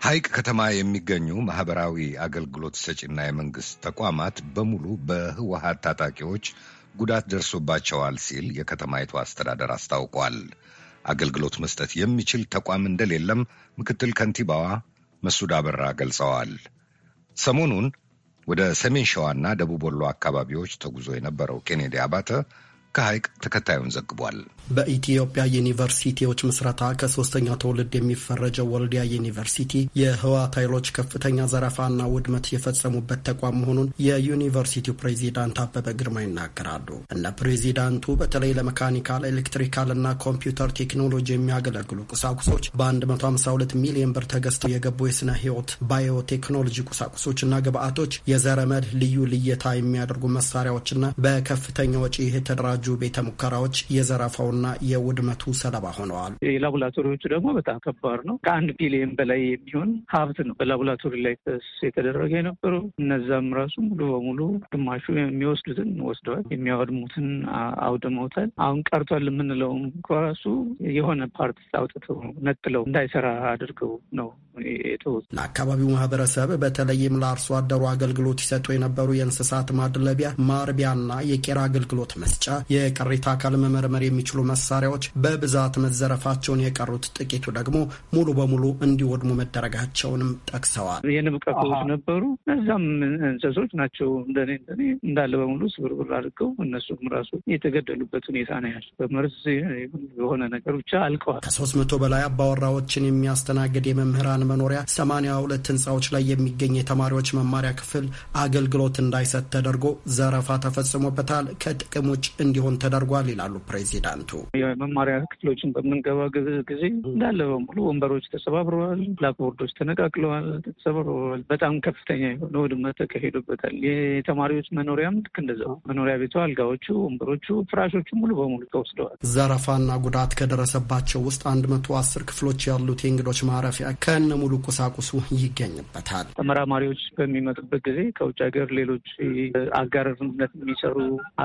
ሐይቅ ከተማ የሚገኙ ማኅበራዊ አገልግሎት ሰጪና የመንግሥት ተቋማት በሙሉ በህወሀት ታጣቂዎች ጉዳት ደርሶባቸዋል ሲል የከተማይቱ አስተዳደር አስታውቋል። አገልግሎት መስጠት የሚችል ተቋም እንደሌለም ምክትል ከንቲባዋ መሱድ አበራ ገልጸዋል። ሰሞኑን ወደ ሰሜን ሸዋና ደቡብ ወሎ አካባቢዎች ተጉዞ የነበረው ኬኔዲ አባተ ከሐይቅ ተከታዩን ዘግቧል። በኢትዮጵያ ዩኒቨርሲቲዎች ምስረታ ከሶስተኛ ትውልድ የሚፈረጀው ወልዲያ ዩኒቨርሲቲ የህወሓት ኃይሎች ከፍተኛ ዘረፋና ውድመት የፈጸሙበት ተቋም መሆኑን የዩኒቨርሲቲው ፕሬዚዳንት አበበ ግርማ ይናገራሉ። እነ ፕሬዚዳንቱ በተለይ ለመካኒካል፣ ኤሌክትሪካል እና ኮምፒውተር ቴክኖሎጂ የሚያገለግሉ ቁሳቁሶች በ152 ሚሊዮን ብር ተገዝተው የገቡ የስነ ህይወት ባዮቴክኖሎጂ ቁሳቁሶችና ግብአቶች፣ የዘረመድ ልዩ ልየታ የሚያደርጉ መሳሪያዎችና በከፍተኛ ወጪ የተደራጁ የተዘጋጁ ቤተ ሙከራዎች የዘረፋውና የውድመቱ ሰለባ ሆነዋል። የላቦራቶሪዎቹ ደግሞ በጣም ከባድ ነው። ከአንድ ቢሊየን በላይ የሚሆን ሀብት ነው በላቦራቶሪ ላይ የተደረገ የነበረው። እነዛም ራሱ ሙሉ በሙሉ ግማሹ የሚወስዱትን ወስደዋል፣ የሚያወድሙትን አውድመውታል። አሁን ቀርቷል የምንለውም ከራሱ የሆነ ፓርት አውጥተው ነጥለው እንዳይሰራ አድርገው ነው ለአካባቢው ማህበረሰብ በተለይም ለአርሶ አደሩ አገልግሎት ይሰጡ የነበሩ የእንስሳት ማድለቢያ ማርቢያና የቄራ አገልግሎት መስጫ የቅሪተ አካል መመርመር የሚችሉ መሳሪያዎች በብዛት መዘረፋቸውን፣ የቀሩት ጥቂቱ ደግሞ ሙሉ በሙሉ እንዲወድሙ መደረጋቸውንም ጠቅሰዋል። የንብ ቀፎዎች ነበሩ። እነዛም እንሰሶች ናቸው እንደኔ እንደኔ እንዳለ በሙሉ ስብርብር አድርገው እነሱም ራሱ የተገደሉበት ሁኔታ ነው ያለ። በመርዝ የሆነ ነገር ብቻ አልቀዋል። ከሶስት መቶ በላይ አባወራዎችን የሚያስተናግድ የመምህራን መኖሪያ ሰማንያ ሁለት ህንፃዎች ላይ የሚገኝ የተማሪዎች መማሪያ ክፍል አገልግሎት እንዳይሰጥ ተደርጎ ዘረፋ ተፈጽሞበታል። ከጥቅም ውጭ እንዲ እንዲሆን ተደርጓል ይላሉ ፕሬዚዳንቱ። የመማሪያ ክፍሎችን በምንገባ ጊዜ እንዳለ በሙሉ ወንበሮች ተሰባብረዋል፣ ብላክቦርዶች ተነቃቅለዋል፣ ተሰባብረዋል። በጣም ከፍተኛ የሆነ ውድመት ተካሂዶበታል። የተማሪዎች መኖሪያም ልክ እንደዛው መኖሪያ ቤቱ አልጋዎቹ፣ ወንበሮቹ፣ ፍራሾቹ ሙሉ በሙሉ ተወስደዋል። ዘረፋና ጉዳት ከደረሰባቸው ውስጥ አንድ መቶ አስር ክፍሎች ያሉት የእንግዶች ማረፊያ ከነ ሙሉ ቁሳቁሱ ይገኝበታል። ተመራማሪዎች በሚመጡበት ጊዜ ከውጭ ሀገር ሌሎች አጋርነት የሚሰሩ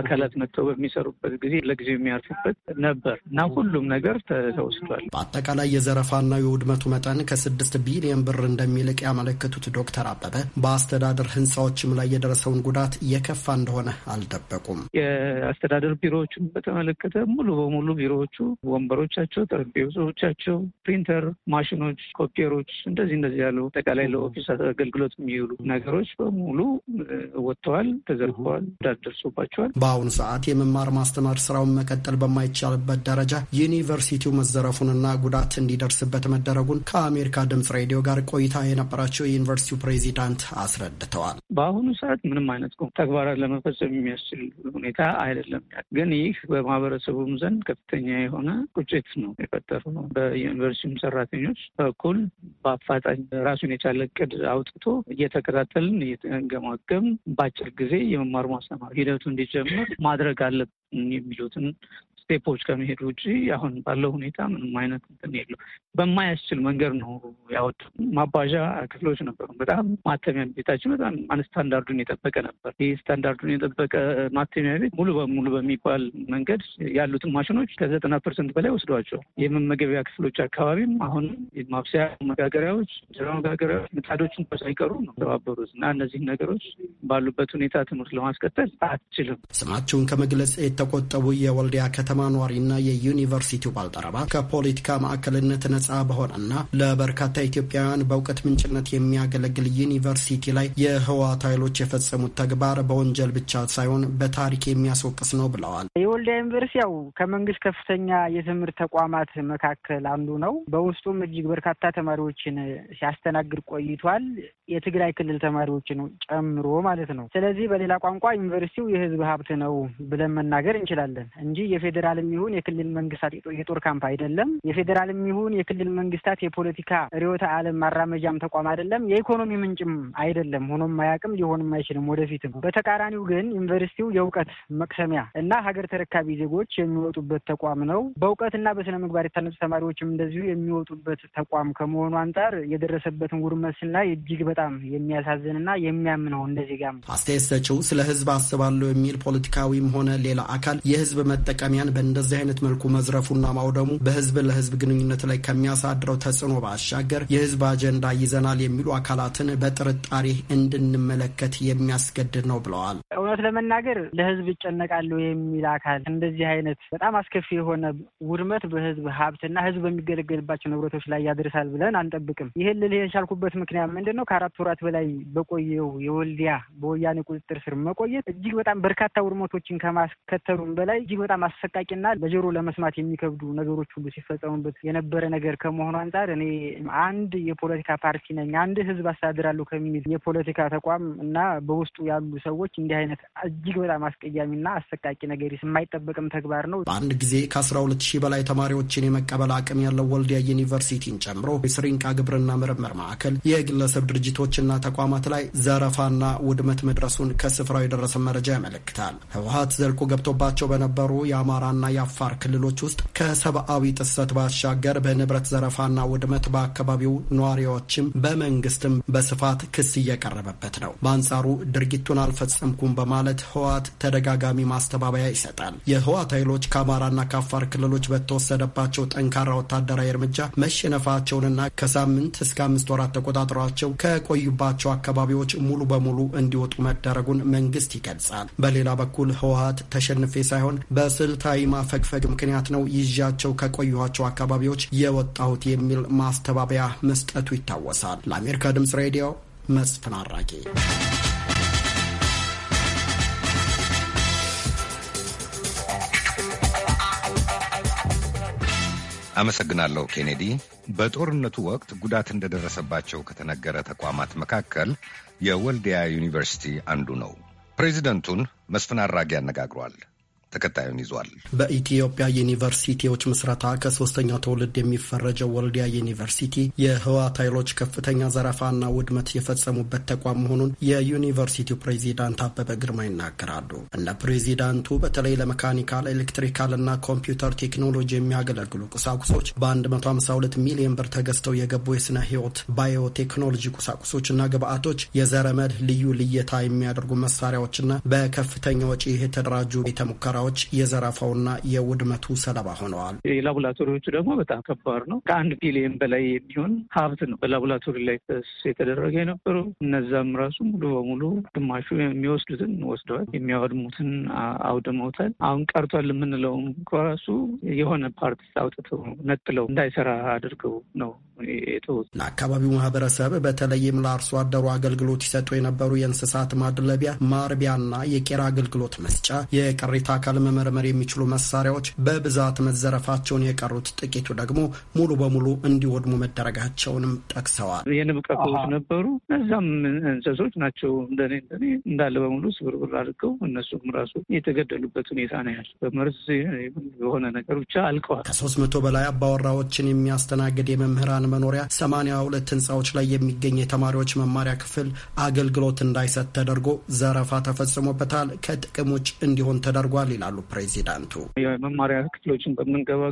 አካላት መጥተው በሚሰሩ በሚሰሩበት ጊዜ ለጊዜው የሚያርፉበት ነበር እና ሁሉም ነገር ተወስዷል። በአጠቃላይ የዘረፋና የውድመቱ መጠን ከስድስት ቢሊዮን ብር እንደሚልቅ ያመለከቱት ዶክተር አበበ በአስተዳደር ህንፃዎችም ላይ የደረሰውን ጉዳት የከፋ እንደሆነ አልደበቁም። የአስተዳደር ቢሮዎቹን በተመለከተ ሙሉ በሙሉ ቢሮዎቹ ወንበሮቻቸው፣ ጠረጴዛዎቻቸው፣ ፕሪንተር ማሽኖች፣ ኮፒየሮች እንደዚህ እንደዚህ ያሉ አጠቃላይ ለኦፊስ አገልግሎት የሚውሉ ነገሮች በሙሉ ወጥተዋል፣ ተዘርፈዋል፣ ጉዳት ደርሶባቸዋል። በአሁኑ ሰዓት የመማር ማስተማር ስራውን መቀጠል በማይቻልበት ደረጃ ዩኒቨርሲቲው መዘረፉንና ጉዳት እንዲደርስበት መደረጉን ከአሜሪካ ድምጽ ሬዲዮ ጋር ቆይታ የነበራቸው የዩኒቨርሲቲው ፕሬዚዳንት አስረድተዋል። በአሁኑ ሰዓት ምንም አይነት ተግባራት ለመፈጸም የሚያስችል ሁኔታ አይደለም። ግን ይህ በማህበረሰቡም ዘንድ ከፍተኛ የሆነ ቁጭት ነው የፈጠሩ ነው። በዩኒቨርሲቲውም ሰራተኞች በኩል በአፋጣኝ ራሱን የቻለ እቅድ አውጥቶ እየተከታተልን እየገማገም በአጭር ጊዜ የመማር ማስተማር ሂደቱ እንዲጀምር ማድረግ አለብን የሚሉትን ስቴፖች ከመሄድ ውጭ አሁን ባለው ሁኔታ ምንም አይነት እንትን የለው። በማያስችል መንገድ ነው ያወጡ። ማባዣ ክፍሎች ነበሩ። በጣም ማተሚያ ቤታችን በጣም ስታንዳርዱን የጠበቀ ነበር። ይህ ስታንዳርዱን የጠበቀ ማተሚያ ቤት ሙሉ በሙሉ በሚባል መንገድ ያሉትን ማሽኖች ከዘጠና ፐርሰንት በላይ ወስዷቸው የመመገቢያ ክፍሎች አካባቢም አሁን ማብሰያ መጋገሪያዎች፣ እንጀራ መጋገሪያዎች፣ ምጣዶችን ሳይቀሩ ነው ተባበሩት እና እነዚህ ነገሮች ባሉበት ሁኔታ ትምህርት ለማስቀጠል አትችልም። ስማቸውን ከመግለጽ የተቆጠቡ የወልዲያ ከተማ ከተማ ኗሪና የዩኒቨርሲቲው ባልጠረባ ከፖለቲካ ማዕከልነት ነጻ በሆነና ለበርካታ ኢትዮጵያውያን በእውቀት ምንጭነት የሚያገለግል ዩኒቨርሲቲ ላይ የህወሓት ኃይሎች የፈጸሙት ተግባር በወንጀል ብቻ ሳይሆን በታሪክ የሚያስወቅስ ነው ብለዋል። የወልዲያ ዩኒቨርሲቲ ያው ከመንግስት ከፍተኛ የትምህርት ተቋማት መካከል አንዱ ነው። በውስጡም እጅግ በርካታ ተማሪዎችን ሲያስተናግድ ቆይቷል። የትግራይ ክልል ተማሪዎችን ጨምሮ ማለት ነው። ስለዚህ በሌላ ቋንቋ ዩኒቨርሲቲው የህዝብ ሀብት ነው ብለን መናገር እንችላለን እንጂ የፌደ የፌዴራልም ይሁን የክልል መንግስታት የጦር ካምፕ አይደለም። የፌዴራልም ይሁን የክልል መንግስታት የፖለቲካ ርዕዮተ ዓለም ማራመጃም ተቋም አይደለም። የኢኮኖሚ ምንጭም አይደለም። ሆኖም አያውቅም፣ ሊሆንም አይችልም ወደፊትም። በተቃራኒው ግን ዩኒቨርሲቲው የእውቀት መቅሰሚያ እና ሀገር ተረካቢ ዜጎች የሚወጡበት ተቋም ነው። በእውቀትና በስነ ምግባር የታነጹ ተማሪዎችም እንደዚሁ የሚወጡበት ተቋም ከመሆኑ አንጻር የደረሰበትን ውድመት ስናይ እጅግ በጣም የሚያሳዝንና የሚያም ነው። እንደ ዜጋም አስተያየት ሰጪው ስለ ህዝብ አስባለሁ የሚል ፖለቲካዊም ሆነ ሌላ አካል የህዝብ መጠቀሚያን በእንደዚህ አይነት መልኩ መዝረፉና ማውደሙ በህዝብ ለህዝብ ግንኙነት ላይ ከሚያሳድረው ተጽዕኖ ባሻገር የህዝብ አጀንዳ ይዘናል የሚሉ አካላትን በጥርጣሬ እንድንመለከት የሚያስገድድ ነው ብለዋል። እውነት ለመናገር ለህዝብ ይጨነቃሉ የሚል አካል እንደዚህ አይነት በጣም አስከፊ የሆነ ውድመት በህዝብ ሀብትና ህዝብ በሚገለገልባቸው ንብረቶች ላይ ያደርሳል ብለን አንጠብቅም። ይህን ልል የቻልኩበት ምክንያት ምንድን ነው? ከአራት ወራት በላይ በቆየው የወልዲያ በወያኔ ቁጥጥር ስር መቆየት እጅግ በጣም በርካታ ውድመቶችን ከማስከተሉም በላይ እጅግ በጣም አሰቃ አሰቃቂና ለጆሮ ለመስማት የሚከብዱ ነገሮች ሁሉ ሲፈጸሙበት የነበረ ነገር ከመሆኑ አንጻር እኔ አንድ የፖለቲካ ፓርቲ ነኝ፣ አንድ ህዝብ አስተዳድራለሁ ከሚል የፖለቲካ ተቋም እና በውስጡ ያሉ ሰዎች እንዲህ አይነት እጅግ በጣም አስቀያሚና አሰቃቂ ነገር የማይጠበቅም ተግባር ነው። በአንድ ጊዜ ከአስራ ሁለት ሺህ በላይ ተማሪዎችን የመቀበል አቅም ያለው ወልዲያ ዩኒቨርሲቲን ጨምሮ የስሪንቃ ግብርና ምርምር ማዕከል የግለሰብ ድርጅቶችና ተቋማት ላይ ዘረፋና ውድመት መድረሱን ከስፍራው የደረሰ መረጃ ያመለክታል። ህወሀት ዘልቆ ገብቶባቸው በነበሩ የአማራ የአማራና የአፋር ክልሎች ውስጥ ከሰብአዊ ጥሰት ባሻገር በንብረት ዘረፋና ውድመት በአካባቢው ነዋሪዎችም በመንግስትም በስፋት ክስ እየቀረበበት ነው። በአንጻሩ ድርጊቱን አልፈጸምኩም በማለት ህወሓት ተደጋጋሚ ማስተባበያ ይሰጣል። የህወሓት ኃይሎች ከአማራና ከአፋር ክልሎች በተወሰደባቸው ጠንካራ ወታደራዊ እርምጃ መሸነፋቸውንና ከሳምንት እስከ አምስት ወራት ተቆጣጥሯቸው ከቆዩባቸው አካባቢዎች ሙሉ በሙሉ እንዲወጡ መደረጉን መንግስት ይገልጻል። በሌላ በኩል ህወሓት ተሸንፌ ሳይሆን በስልታዊ በዘር ማፈግፈግ ምክንያት ነው ይዣቸው ከቆዩቸው አካባቢዎች የወጣሁት የሚል ማስተባበያ መስጠቱ ይታወሳል። ለአሜሪካ ድምጽ ሬዲዮ መስፍን አራጌ። አመሰግናለሁ ኬኔዲ። በጦርነቱ ወቅት ጉዳት እንደደረሰባቸው ከተነገረ ተቋማት መካከል የወልዲያ ዩኒቨርሲቲ አንዱ ነው። ፕሬዚደንቱን መስፍን አራጌ አነጋግሯል። ተከታዩን ይዟል። በኢትዮጵያ ዩኒቨርሲቲዎች ምስረታ ከሶስተኛ ትውልድ የሚፈረጀው ወልዲያ ዩኒቨርሲቲ የህወሓት ኃይሎች ከፍተኛ ዘረፋና ውድመት የፈጸሙበት ተቋም መሆኑን የዩኒቨርሲቲው ፕሬዚዳንት አበበ ግርማ ይናገራሉ። እነ ፕሬዚዳንቱ በተለይ ለመካኒካል ኤሌክትሪካል እና ኮምፒውተር ቴክኖሎጂ የሚያገለግሉ ቁሳቁሶች በ152 ሚሊዮን ብር ተገዝተው የገቡ የስነ ህይወት ባዮቴክኖሎጂ ቁሳቁሶችና ግብአቶች፣ የዘረመድ ልዩ ልየታ የሚያደርጉ መሳሪያዎችና በከፍተኛ ወጪ የተደራጁ ቤተ ሙከራ ባለሙያዎች የዘረፋውና የውድመቱ ሰለባ ሆነዋል። የላቦራቶሪዎቹ ደግሞ በጣም ከባድ ነው። ከአንድ ቢሊየን በላይ የሚሆን ሀብት ነው በላቦራቶሪ ላይ ስ የተደረገ የነበረው። እነዛም ራሱ ሙሉ በሙሉ ግማሹ የሚወስዱትን ወስደዋል፣ የሚያወድሙትን አውድመውታል። አሁን ቀርቷል የምንለውም ከራሱ የሆነ ፓርቲ አውጥተው ነጥለው እንዳይሰራ አድርገው ነው ለአካባቢው ማህበረሰብ በተለይም ለአርሶ አደሩ አገልግሎት ይሰጡ የነበሩ የእንስሳት ማድለቢያ ማርቢያና የቄራ አገልግሎት መስጫ የቅሪተ አካል መመርመር የሚችሉ መሳሪያዎች በብዛት መዘረፋቸውን የቀሩት ጥቂቱ ደግሞ ሙሉ በሙሉ እንዲወድሙ መደረጋቸውንም ጠቅሰዋል። የንብ ቀፎዎች ነበሩ። እነዛም እንስሶች ናቸው እንደኔ እንደኔ እንዳለ በሙሉ ስብርብር አድርገው እነሱም ራሱ የተገደሉበት ሁኔታ ነው ያለ። በመርዝ የሆነ ነገር ብቻ አልቀዋል። ከሶስት መቶ በላይ አባወራዎችን የሚያስተናግድ የመምህራን መኖሪያ 82 ህንፃዎች ላይ የሚገኝ የተማሪዎች መማሪያ ክፍል አገልግሎት እንዳይሰጥ ተደርጎ ዘረፋ ተፈጽሞበታል፣ ከጥቅም ውጭ እንዲሆን ተደርጓል ይላሉ ፕሬዚዳንቱ። የመማሪያ ክፍሎችን በምንገባ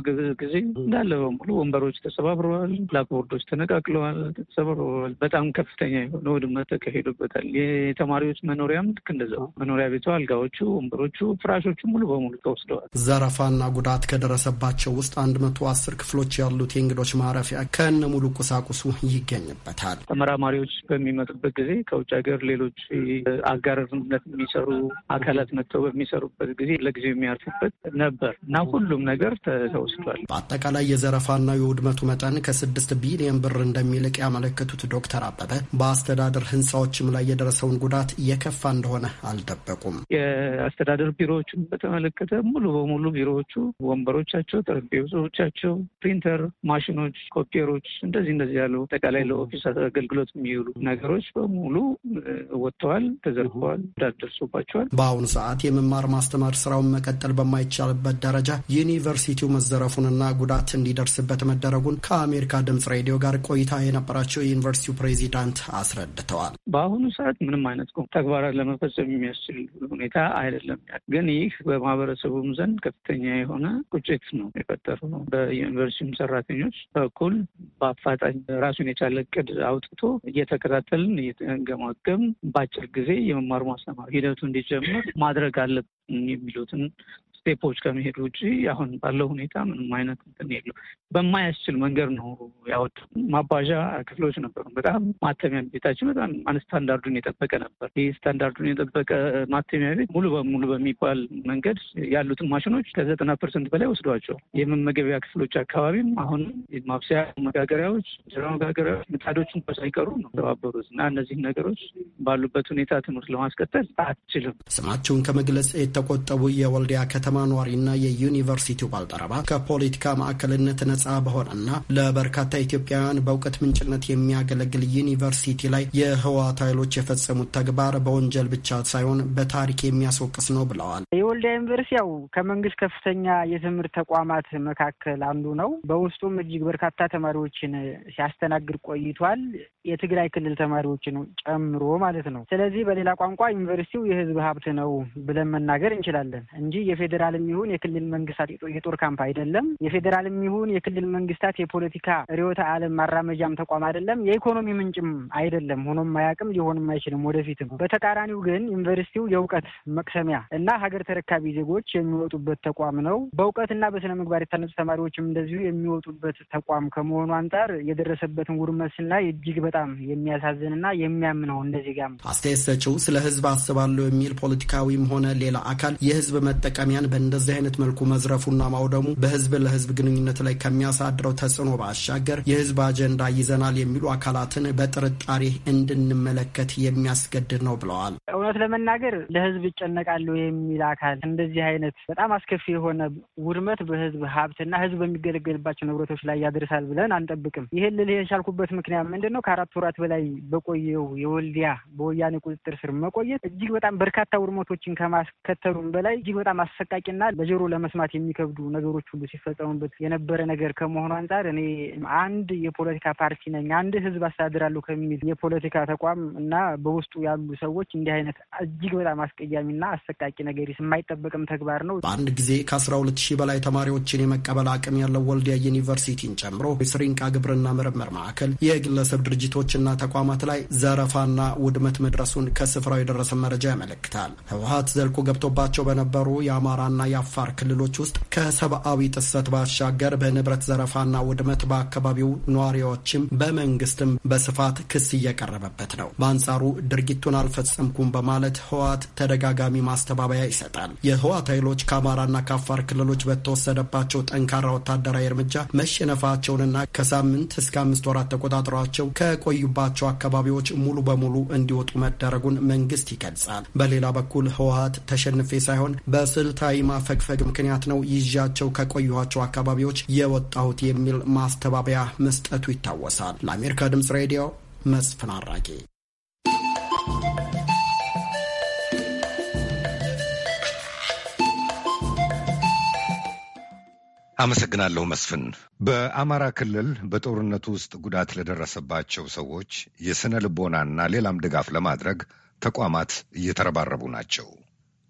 ጊዜ እንዳለ በሙሉ ወንበሮች ተሰባብረዋል፣ ብላክቦርዶች ተነቃቅለዋል፣ ተሰባብረዋል። በጣም ከፍተኛ የሆነ ውድመት ተካሂዶበታል። የተማሪዎች መኖሪያም ልክ እንደዛው መኖሪያ ቤቷ አልጋዎቹ፣ ወንበሮቹ፣ ፍራሾቹ ሙሉ በሙሉ ተወስደዋል። ዘረፋና ጉዳት ከደረሰባቸው ውስጥ አንድ መቶ አስር ክፍሎች ያሉት የእንግዶች ማረፊያ ከነ ሙሉ ቁሳቁሱ ይገኝበታል። ተመራማሪዎች በሚመጡበት ጊዜ ከውጭ ሀገር ሌሎች አጋርነት የሚሰሩ አካላት መጥተው በሚሰሩበት ጊዜ ለጊዜው የሚያርፉበት ነበር እና ሁሉም ነገር ተወስዷል። በአጠቃላይ የዘረፋና የውድመቱ መጠን ከስድስት ቢሊዮን ብር እንደሚልቅ ያመለከቱት ዶክተር አበበ በአስተዳደር ህንፃዎችም ላይ የደረሰውን ጉዳት የከፋ እንደሆነ አልደበቁም። የአስተዳደር ቢሮዎችን በተመለከተ ሙሉ በሙሉ ቢሮዎቹ ወንበሮቻቸው፣ ጠረጴዛዎቻቸው፣ ፕሪንተር ማሽኖች፣ ኮፒየሮች እንደዚህ እንደዚህ ያሉ አጠቃላይ ለኦፊስ አገልግሎት የሚውሉ ነገሮች በሙሉ ወጥተዋል፣ ተዘርፈዋል፣ ጉዳት ደርሶባቸዋል። በአሁኑ ሰዓት የመማር ማስተማር ስራውን መቀጠል በማይቻልበት ደረጃ ዩኒቨርሲቲው መዘረፉንና ጉዳት እንዲደርስበት መደረጉን ከአሜሪካ ድምጽ ሬዲዮ ጋር ቆይታ የነበራቸው የዩኒቨርሲቲው ፕሬዚዳንት አስረድተዋል። በአሁኑ ሰዓት ምንም አይነት ተግባራት ለመፈጸም የሚያስችል ሁኔታ አይደለም። ግን ይህ በማህበረሰቡም ዘንድ ከፍተኛ የሆነ ቁጭት ነው የፈጠሩ ነው በዩኒቨርሲቲውም ሰራተኞች በኩል በአፋጣኝ ራሱን የቻለ እቅድ አውጥቶ እየተከታተልን እየተገማገም በአጭር ጊዜ የመማር ማስተማር ሂደቱ እንዲጀምር ማድረግ አለብን የሚሉትን ስቴፖች ከመሄድ ውጭ አሁን ባለው ሁኔታ ምንም አይነት እንትን የለው። በማያስችል መንገድ ነው ያወጡ። ማባዣ ክፍሎች ነበሩ። በጣም ማተሚያ ቤታችን በጣም ስታንዳርዱን የጠበቀ ነበር። ይህ ስታንዳርዱን የጠበቀ ማተሚያ ቤት ሙሉ በሙሉ በሚባል መንገድ ያሉትን ማሽኖች ከዘጠና ፐርሰንት በላይ ወስዷቸው የመመገቢያ ክፍሎች አካባቢም አሁን ማብሰያ መጋገሪያዎች፣ እንጀራ መጋገሪያዎች፣ ምጣዶችን ሳይቀሩ ነው ተባበሩት እና እነዚህን ነገሮች ባሉበት ሁኔታ ትምህርት ለማስቀጠል አትችልም። ስማቸውን ከመግለጽ የተቆጠቡ የወልዲያ ከተማ ከተማ ኗሪና የዩኒቨርሲቲው ባልደረባ ከፖለቲካ ማዕከልነት ነጻ በሆነና ለበርካታ ኢትዮጵያውያን በእውቀት ምንጭነት የሚያገለግል ዩኒቨርሲቲ ላይ የህወሓት ኃይሎች የፈጸሙት ተግባር በወንጀል ብቻ ሳይሆን በታሪክ የሚያስወቅስ ነው ብለዋል። የወልዲያ ዩኒቨርሲቲ ያው ከመንግስት ከፍተኛ የትምህርት ተቋማት መካከል አንዱ ነው። በውስጡም እጅግ በርካታ ተማሪዎችን ሲያስተናግድ ቆይቷል። የትግራይ ክልል ተማሪዎችን ጨምሮ ማለት ነው። ስለዚህ በሌላ ቋንቋ ዩኒቨርሲቲው የህዝብ ሀብት ነው ብለን መናገር እንችላለን እንጂ የፌደ የፌዴራልም ይሁን የክልል መንግስታት የጦር ካምፕ አይደለም። የፌዴራልም ይሁን የክልል መንግስታት የፖለቲካ ርዕዮተ ዓለም ማራመጃም ተቋም አይደለም። የኢኮኖሚ ምንጭም አይደለም። ሆኖም አያውቅም፣ ሊሆንም አይችልም ወደፊትም። በተቃራኒው ግን ዩኒቨርሲቲው የእውቀት መቅሰሚያ እና ሀገር ተረካቢ ዜጎች የሚወጡበት ተቋም ነው። በእውቀትና በስነ ምግባር የታነጹ ተማሪዎችም እንደዚሁ የሚወጡበት ተቋም ከመሆኑ አንጻር የደረሰበትን ውድመት ስናይ እጅግ በጣም የሚያሳዝንና የሚያምነው እንደዚህ ጋር አስተያየት ሰጪው ስለ ህዝብ አስባለሁ የሚል ፖለቲካዊም ሆነ ሌላ አካል የህዝብ መጠቀሚያን በእንደዚህ አይነት መልኩ መዝረፉና ማውደሙ በህዝብ ለህዝብ ግንኙነት ላይ ከሚያሳድረው ተጽዕኖ ባሻገር የህዝብ አጀንዳ ይዘናል የሚሉ አካላትን በጥርጣሬ እንድንመለከት የሚያስገድድ ነው ብለዋል። እውነት ለመናገር ለህዝብ ይጨነቃለሁ የሚል አካል እንደዚህ አይነት በጣም አስከፊ የሆነ ውድመት በህዝብ ሀብትና ህዝብ በሚገለገልባቸው ንብረቶች ላይ ያደርሳል ብለን አንጠብቅም። ይህን ልልህ የቻልኩበት ምክንያት ምንድን ነው? ከአራት ወራት በላይ በቆየው የወልዲያ በወያኔ ቁጥጥር ስር መቆየት እጅግ በጣም በርካታ ውድመቶችን ከማስከተሉም በላይ እጅግ በጣም አሰቃ አስደናቂና በጆሮ ለመስማት የሚከብዱ ነገሮች ሁሉ ሲፈጸሙበት የነበረ ነገር ከመሆኑ አንጻር እኔ አንድ የፖለቲካ ፓርቲ ነኝ፣ አንድ ህዝብ አስተዳድራለሁ ከሚል የፖለቲካ ተቋም እና በውስጡ ያሉ ሰዎች እንዲህ አይነት እጅግ በጣም አስቀያሚና አሰቃቂ ነገር የማይጠበቅም ተግባር ነው። በአንድ ጊዜ ከአስራ ሁለት ሺህ በላይ ተማሪዎችን የመቀበል አቅም ያለው ወልዲያ ዩኒቨርሲቲን ጨምሮ የስሪንቃ ግብርና ምርምር ማዕከል የግለሰብ ድርጅቶችና ተቋማት ላይ ዘረፋና ውድመት መድረሱን ከስፍራው የደረሰ መረጃ ያመለክታል። ህወሀት ዘልቆ ገብቶባቸው በነበሩ የአማራ የአማራና የአፋር ክልሎች ውስጥ ከሰብአዊ ጥሰት ባሻገር በንብረት ዘረፋና ውድመት በአካባቢው ነዋሪዎችም በመንግስትም በስፋት ክስ እየቀረበበት ነው። በአንጻሩ ድርጊቱን አልፈጸምኩም በማለት ህወሓት ተደጋጋሚ ማስተባበያ ይሰጣል። የህወሓት ኃይሎች ከአማራና ከአፋር ክልሎች በተወሰደባቸው ጠንካራ ወታደራዊ እርምጃ መሸነፋቸውንና ከሳምንት እስከ አምስት ወራት ተቆጣጥሯቸው ከቆዩባቸው አካባቢዎች ሙሉ በሙሉ እንዲወጡ መደረጉን መንግስት ይገልጻል። በሌላ በኩል ህወሓት ተሸንፌ ሳይሆን በስልታዊ ማፈግፈግ ምክንያት ነው ይዣቸው ከቆየኋቸው አካባቢዎች የወጣሁት የሚል ማስተባበያ መስጠቱ ይታወሳል። ለአሜሪካ ድምጽ ሬዲዮ መስፍን አራጌ አመሰግናለሁ መስፍን። በአማራ ክልል በጦርነቱ ውስጥ ጉዳት ለደረሰባቸው ሰዎች የሥነ ልቦናና ሌላም ድጋፍ ለማድረግ ተቋማት እየተረባረቡ ናቸው።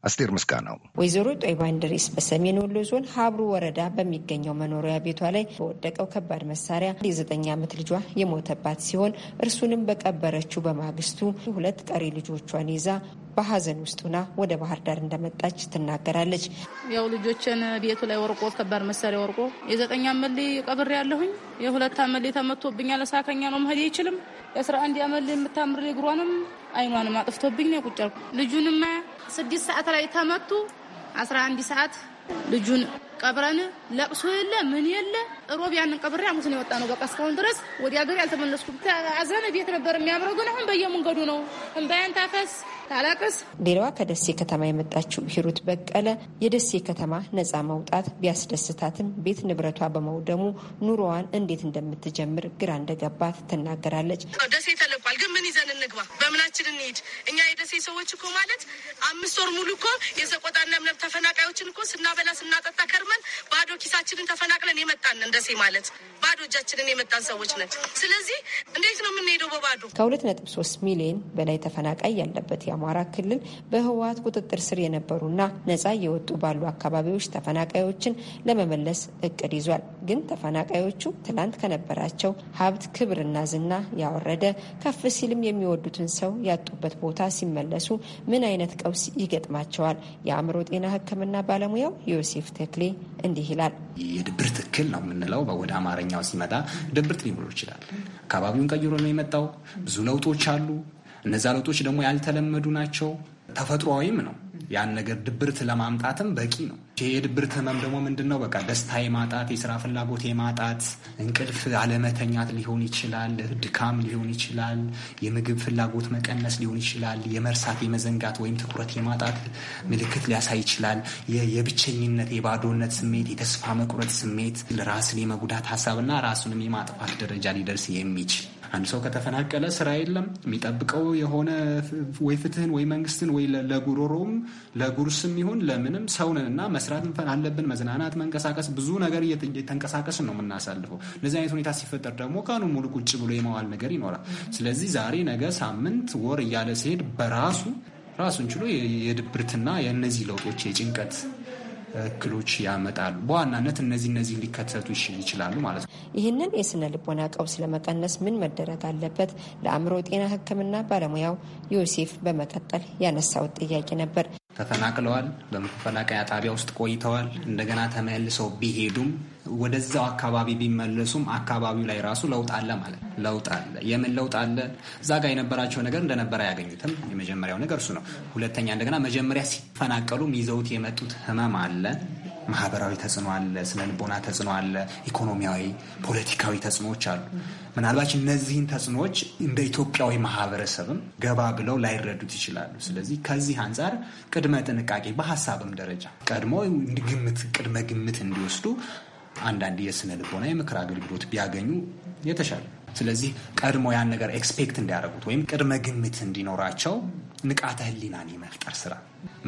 አስቴር ምስጋናው። ወይዘሮ ጦይባ እንድሪስ በሰሜን ወሎ ዞን ሀብሩ ወረዳ በሚገኘው መኖሪያ ቤቷ ላይ በወደቀው ከባድ መሳሪያ የዘጠኝ ዓመት ልጇ የሞተባት ሲሆን እርሱንም በቀበረችው በማግስቱ ሁለት ቀሪ ልጆቿን ይዛ በሀዘን ውስጥ ሆና ወደ ባህር ዳር እንደመጣች ትናገራለች። ያው ልጆችን ቤቱ ላይ ወርቆ ከባድ መሳሪያ ወርቆ የዘጠኝ ዓመት ልጅ ቀብሬ ያለሁኝ የሁለት ዓመት ልጅ ተመቶብኛል። ሳከኛ ነው መሄድ አይችልም። የአስራ አንድ ዓመት ልጅ የምታምር እግሯንም አይኗንም አጥፍቶብኝ ነው ቁጭ ልጁንማ ስድስት ሰዓት ላይ ተመቱ። አስራ አንድ ሰዓት ልጁን ቀብረን ለቅሶ የለ ምን የለ ሮብ ያንን ቀብሬ ሐሙስ ነው የወጣ ነው። በቃ እስካሁን ድረስ ወዲ ሀገር ያልተመለስኩም። አዘነ ቤት ነበር የሚያምረው፣ ግን አሁን በየመንገዱ ነው እምባያን ታፈስ ታላቅስ። ሌላዋ ከደሴ ከተማ የመጣችው ሂሩት በቀለ የደሴ ከተማ ነፃ መውጣት ቢያስደስታትም ቤት ንብረቷ በመውደሙ ኑሮዋን እንዴት እንደምትጀምር ግራ እንደገባት ትናገራለች። ደሴ ተለቋል፣ ግን ምን ይዘን እንግባ? በምናችን እንሄድ? እኛ የደሴ ሰዎች እኮ ማለት አምስት ወር ሙሉ እኮ የሰቆጣና ምነብ ተፈናቃዮችን እኮ ስናበላ ስናጠጣ ከርመ ተሸክመን ባዶ ኪሳችንን ተፈናቅለን የመጣን እንደሴ ማለት ባዶ እጃችንን የመጣን ሰዎች ነን። ስለዚህ እንዴት ነው የምንሄደው በባዶ? ከሁለት ነጥብ ሶስት ሚሊዮን በላይ ተፈናቃይ ያለበት የአማራ ክልል በህወሀት ቁጥጥር ስር የነበሩና ነጻ እየወጡ ባሉ አካባቢዎች ተፈናቃዮችን ለመመለስ እቅድ ይዟል። ግን ተፈናቃዮቹ ትላንት ከነበራቸው ሀብት፣ ክብርና ዝና ያወረደ ከፍ ሲልም የሚወዱትን ሰው ያጡበት ቦታ ሲመለሱ ምን አይነት ቀውስ ይገጥማቸዋል? የአእምሮ ጤና ሕክምና ባለሙያው ዮሴፍ ተክሌ እንዲህ ይላል። የድብር ትክክል ነው የምንለው ወደ አማርኛው ሲመጣ ድብርት ሊኖረው ይችላል። አካባቢውን ቀይሮ ነው የመጣው። ብዙ ለውጦች አሉ። እነዛ ለውጦች ደግሞ ያልተለመዱ ናቸው። ተፈጥሯዊም ነው። ያን ነገር ድብርት ለማምጣትም በቂ ነው። የድብርት ህመም ደግሞ ምንድን ነው? በቃ ደስታ የማጣት የስራ ፍላጎት የማጣት እንቅልፍ አለመተኛት ሊሆን ይችላል፣ ድካም ሊሆን ይችላል፣ የምግብ ፍላጎት መቀነስ ሊሆን ይችላል፣ የመርሳት የመዘንጋት ወይም ትኩረት የማጣት ምልክት ሊያሳይ ይችላል። የብቸኝነት የባዶነት ስሜት፣ የተስፋ መቁረጥ ስሜት፣ ራስን የመጉዳት ሀሳብና ራሱንም የማጥፋት ደረጃ ሊደርስ የሚችል አንድ ሰው ከተፈናቀለ ስራ የለም። የሚጠብቀው የሆነ ወይ ፍትህን ወይ መንግስትን ወይ ለጉሮሮውም ለጉርስም ይሁን ለምንም ሰውንን እና መስራት አለብን። መዝናናት፣ መንቀሳቀስ፣ ብዙ ነገር እየተንቀሳቀስን ነው የምናሳልፈው። እንደዚህ አይነት ሁኔታ ሲፈጠር ደግሞ ቀኑ ሙሉ ቁጭ ብሎ የመዋል ነገር ይኖራል። ስለዚህ ዛሬ፣ ነገ፣ ሳምንት፣ ወር እያለ ሲሄድ በራሱ ራሱን ችሎ የድብርትና የእነዚህ ለውጦች የጭንቀት እክሎች ያመጣሉ። በዋናነት እነዚህ እነዚህ ሊከሰቱ ይችላሉ ማለት ነው። ይህንን የስነ ልቦና ቀውስ ለመቀነስ ምን መደረግ አለበት? ለአእምሮ ጤና ሕክምና ባለሙያው ዮሴፍ በመቀጠል ያነሳውት ጥያቄ ነበር። ተፈናቅለዋል። በመፈላቀያ ጣቢያ ውስጥ ቆይተዋል። እንደገና ተመልሰው ቢሄዱም ወደዛው አካባቢ ቢመለሱም አካባቢው ላይ ራሱ ለውጥ አለ ማለት ነው። ለውጥ አለ። የምን ለውጥ አለ? እዛ ጋር የነበራቸው ነገር እንደነበረ አያገኙትም። የመጀመሪያው ነገር እሱ ነው። ሁለተኛ፣ እንደገና መጀመሪያ ሲፈናቀሉም ይዘውት የመጡት ህመም አለ። ማህበራዊ ተጽዕኖ አለ። ስነ ልቦና ተጽዕኖ አለ። ኢኮኖሚያዊ፣ ፖለቲካዊ ተጽዕኖዎች አሉ። ምናልባች እነዚህን ተጽዕኖዎች እንደ ኢትዮጵያዊ ማህበረሰብም ገባ ብለው ላይረዱት ይችላሉ። ስለዚህ ከዚህ አንጻር ቅድመ ጥንቃቄ በሀሳብም ደረጃ ቀድሞ ግምት ቅድመ ግምት እንዲወስዱ አንዳንድ የስነ ልቦና የምክር አገልግሎት ቢያገኙ የተሻለ ስለዚህ ቀድሞ ያን ነገር ኤክስፔክት እንዲያደርጉት ወይም ቅድመ ግምት እንዲኖራቸው ንቃተ ህሊናን የመፍጠር ስራ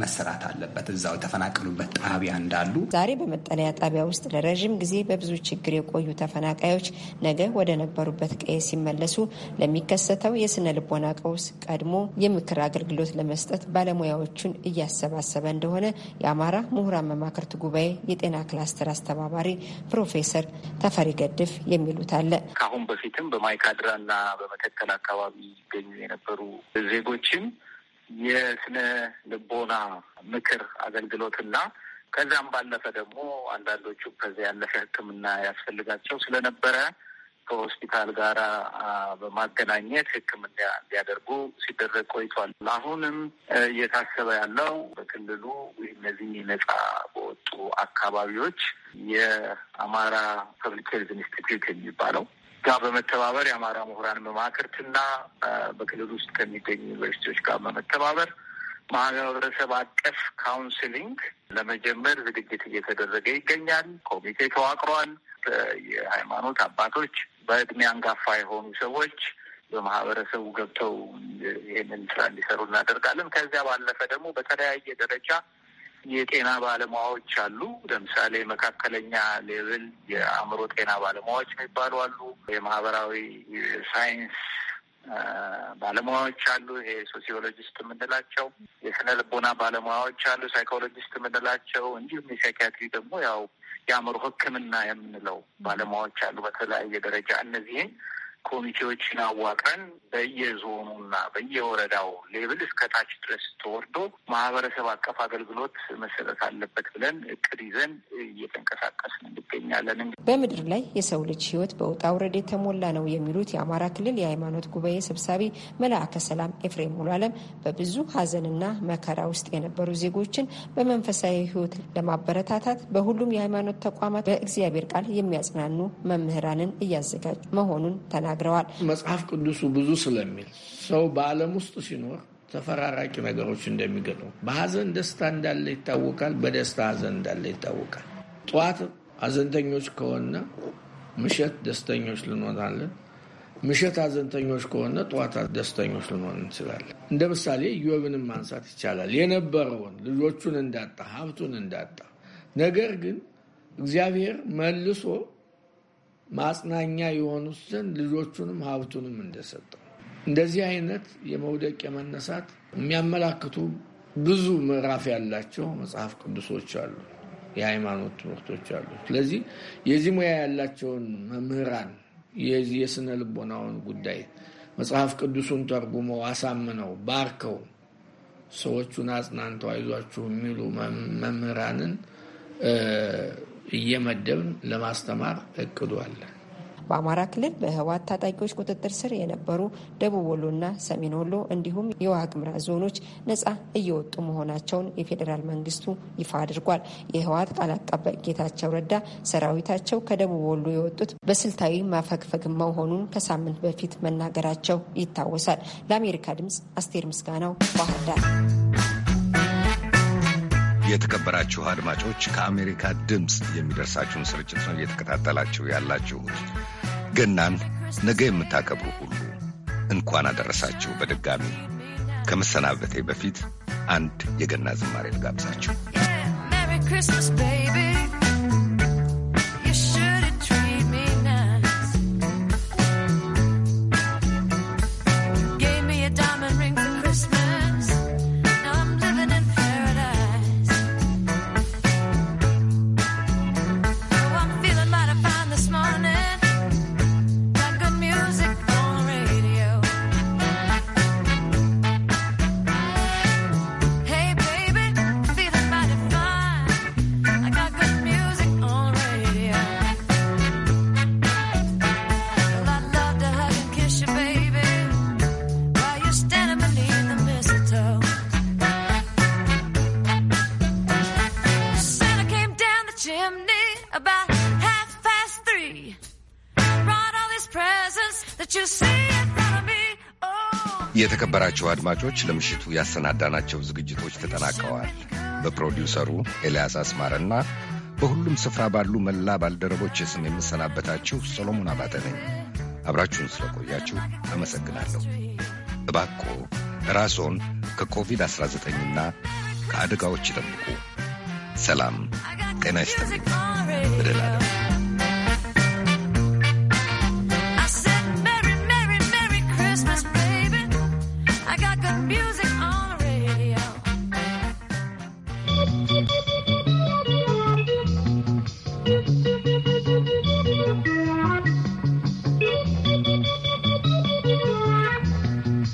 መሰራት አለበት። እዛው የተፈናቀሉበት ጣቢያ እንዳሉ ዛሬ በመጠለያ ጣቢያ ውስጥ ለረዥም ጊዜ በብዙ ችግር የቆዩ ተፈናቃዮች ነገ ወደ ነበሩበት ቀየ ሲመለሱ ለሚከሰተው የስነ ልቦና ቀውስ ቀድሞ የምክር አገልግሎት ለመስጠት ባለሙያዎቹን እያሰባሰበ እንደሆነ የአማራ ምሁራን መማክርት ጉባኤ የጤና ክላስተር አስተባባሪ ፕሮፌሰር ተፈሪ ገድፍ የሚሉት አለ። ከአሁን በፊትም በማይካድራና በመተከል አካባቢ ይገኙ የነበሩ ዜጎችም የስነ ልቦና ምክር አገልግሎትና ከዚያም ባለፈ ደግሞ አንዳንዶቹ ከዚያ ያለፈ ሕክምና ያስፈልጋቸው ስለነበረ ከሆስፒታል ጋር በማገናኘት ሕክምና እንዲያደርጉ ሲደረግ ቆይቷል። አሁንም እየታሰበ ያለው በክልሉ እነዚህ ነጻ በወጡ አካባቢዎች የአማራ ፐብሊክ ሄልዝ ኢንስቲትዩት የሚባለው ጋር በመተባበር የአማራ ምሁራን መማክርትና በክልል ውስጥ ከሚገኙ ዩኒቨርሲቲዎች ጋር በመተባበር ማህበረሰብ አቀፍ ካውንስሊንግ ለመጀመር ዝግጅት እየተደረገ ይገኛል። ኮሚቴ ተዋቅሯል። የሃይማኖት አባቶች፣ በእድሜ አንጋፋ የሆኑ ሰዎች በማህበረሰቡ ገብተው ይህንን ስራ እንዲሰሩ እናደርጋለን። ከዚያ ባለፈ ደግሞ በተለያየ ደረጃ የጤና ባለሙያዎች አሉ። ለምሳሌ መካከለኛ ሌቭል የአእምሮ ጤና ባለሙያዎች የሚባሉ አሉ። የማህበራዊ ሳይንስ ባለሙያዎች አሉ። ይሄ ሶሲዮሎጂስት የምንላቸው የስነ ልቦና ባለሙያዎች አሉ፣ ሳይኮሎጂስት የምንላቸው እንዲሁም የሳይኪያትሪ ደግሞ ያው የአእምሮ ሕክምና የምንለው ባለሙያዎች አሉ በተለያየ ደረጃ እነዚህን ኮሚቴዎችን አዋቅረን በየዞኑና በየወረዳው ሌብል እስከታች ድረስ ተወርዶ ማህበረሰብ አቀፍ አገልግሎት መሰጠት አለበት ብለን እቅድ ይዘን እየተንቀሳቀስን እንገኛለን። በምድር ላይ የሰው ልጅ ህይወት በውጣ ውረድ የተሞላ ነው የሚሉት የአማራ ክልል የሃይማኖት ጉባኤ ሰብሳቢ መልአከ ሰላም ኤፍሬም ሙሉአለም አለም በብዙ ሀዘንና መከራ ውስጥ የነበሩ ዜጎችን በመንፈሳዊ ህይወት ለማበረታታት በሁሉም የሃይማኖት ተቋማት በእግዚአብሔር ቃል የሚያጽናኑ መምህራንን እያዘጋጁ መሆኑን ተናግ ተናግረዋል። መጽሐፍ ቅዱሱ ብዙ ስለሚል ሰው በዓለም ውስጥ ሲኖር ተፈራራቂ ነገሮች እንደሚገጥሙ በሀዘን ደስታ እንዳለ ይታወቃል፣ በደስታ ሀዘን እንዳለ ይታወቃል። ጠዋት ሀዘንተኞች ከሆነ ምሽት ደስተኞች ልንሆናለን። ምሽት ሀዘንተኞች ከሆነ ጠዋት ደስተኞች ልንሆን እንችላለን። እንደ ምሳሌ ዮብንም ማንሳት ይቻላል። የነበረውን ልጆቹን እንዳጣ ሀብቱን እንዳጣ ነገር ግን እግዚአብሔር መልሶ ማጽናኛ የሆኑት ዘንድ ልጆቹንም ሀብቱንም እንደሰጠው እንደዚህ አይነት የመውደቅ የመነሳት የሚያመላክቱ ብዙ ምዕራፍ ያላቸው መጽሐፍ ቅዱሶች አሉ፣ የሃይማኖት ትምህርቶች አሉ። ስለዚህ የዚህ ሙያ ያላቸውን መምህራን የስነ ልቦናውን ጉዳይ መጽሐፍ ቅዱሱን ተርጉመው አሳምነው ባርከው ሰዎቹን አጽናንተው አይዟችሁ የሚሉ መምህራንን እየመደብን ለማስተማር እቅዱ አለ። በአማራ ክልል በህወሓት ታጣቂዎች ቁጥጥር ስር የነበሩ ደቡብ ወሎና ሰሜን ወሎ እንዲሁም የዋግ ኽምራ ዞኖች ነጻ እየወጡ መሆናቸውን የፌዴራል መንግስቱ ይፋ አድርጓል። የህወሓት ቃል አቀባይ ጌታቸው ረዳ ሰራዊታቸው ከደቡብ ወሎ የወጡት በስልታዊ ማፈግፈግ መሆኑን ከሳምንት በፊት መናገራቸው ይታወሳል። ለአሜሪካ ድምጽ አስቴር ምስጋናው ባህርዳር። የተከበራችሁ አድማጮች ከአሜሪካ ድምፅ የሚደርሳችሁን ስርጭት ነው እየተከታተላችሁ ያላችሁት። ገናን ነገ የምታከብሩ ሁሉ እንኳን አደረሳችሁ። በድጋሚ ከመሰናበቴ በፊት አንድ የገና ዝማሬ ልጋብዛችሁ። የተከበራቸው አድማጮች ለምሽቱ ያሰናዳናቸው ዝግጅቶች ተጠናቀዋል። በፕሮዲውሰሩ ኤልያስ አስማረና በሁሉም ስፍራ ባሉ መላ ባልደረቦች የስም የምሰናበታችሁ ሰሎሞን አባተ ነኝ። አብራችሁን ስለቆያችሁ አመሰግናለሁ። እባክዎ ራስዎን ከኮቪድ-19ና ከአደጋዎች ይጠብቁ። ሰላም ጤና ይስጥልኝ።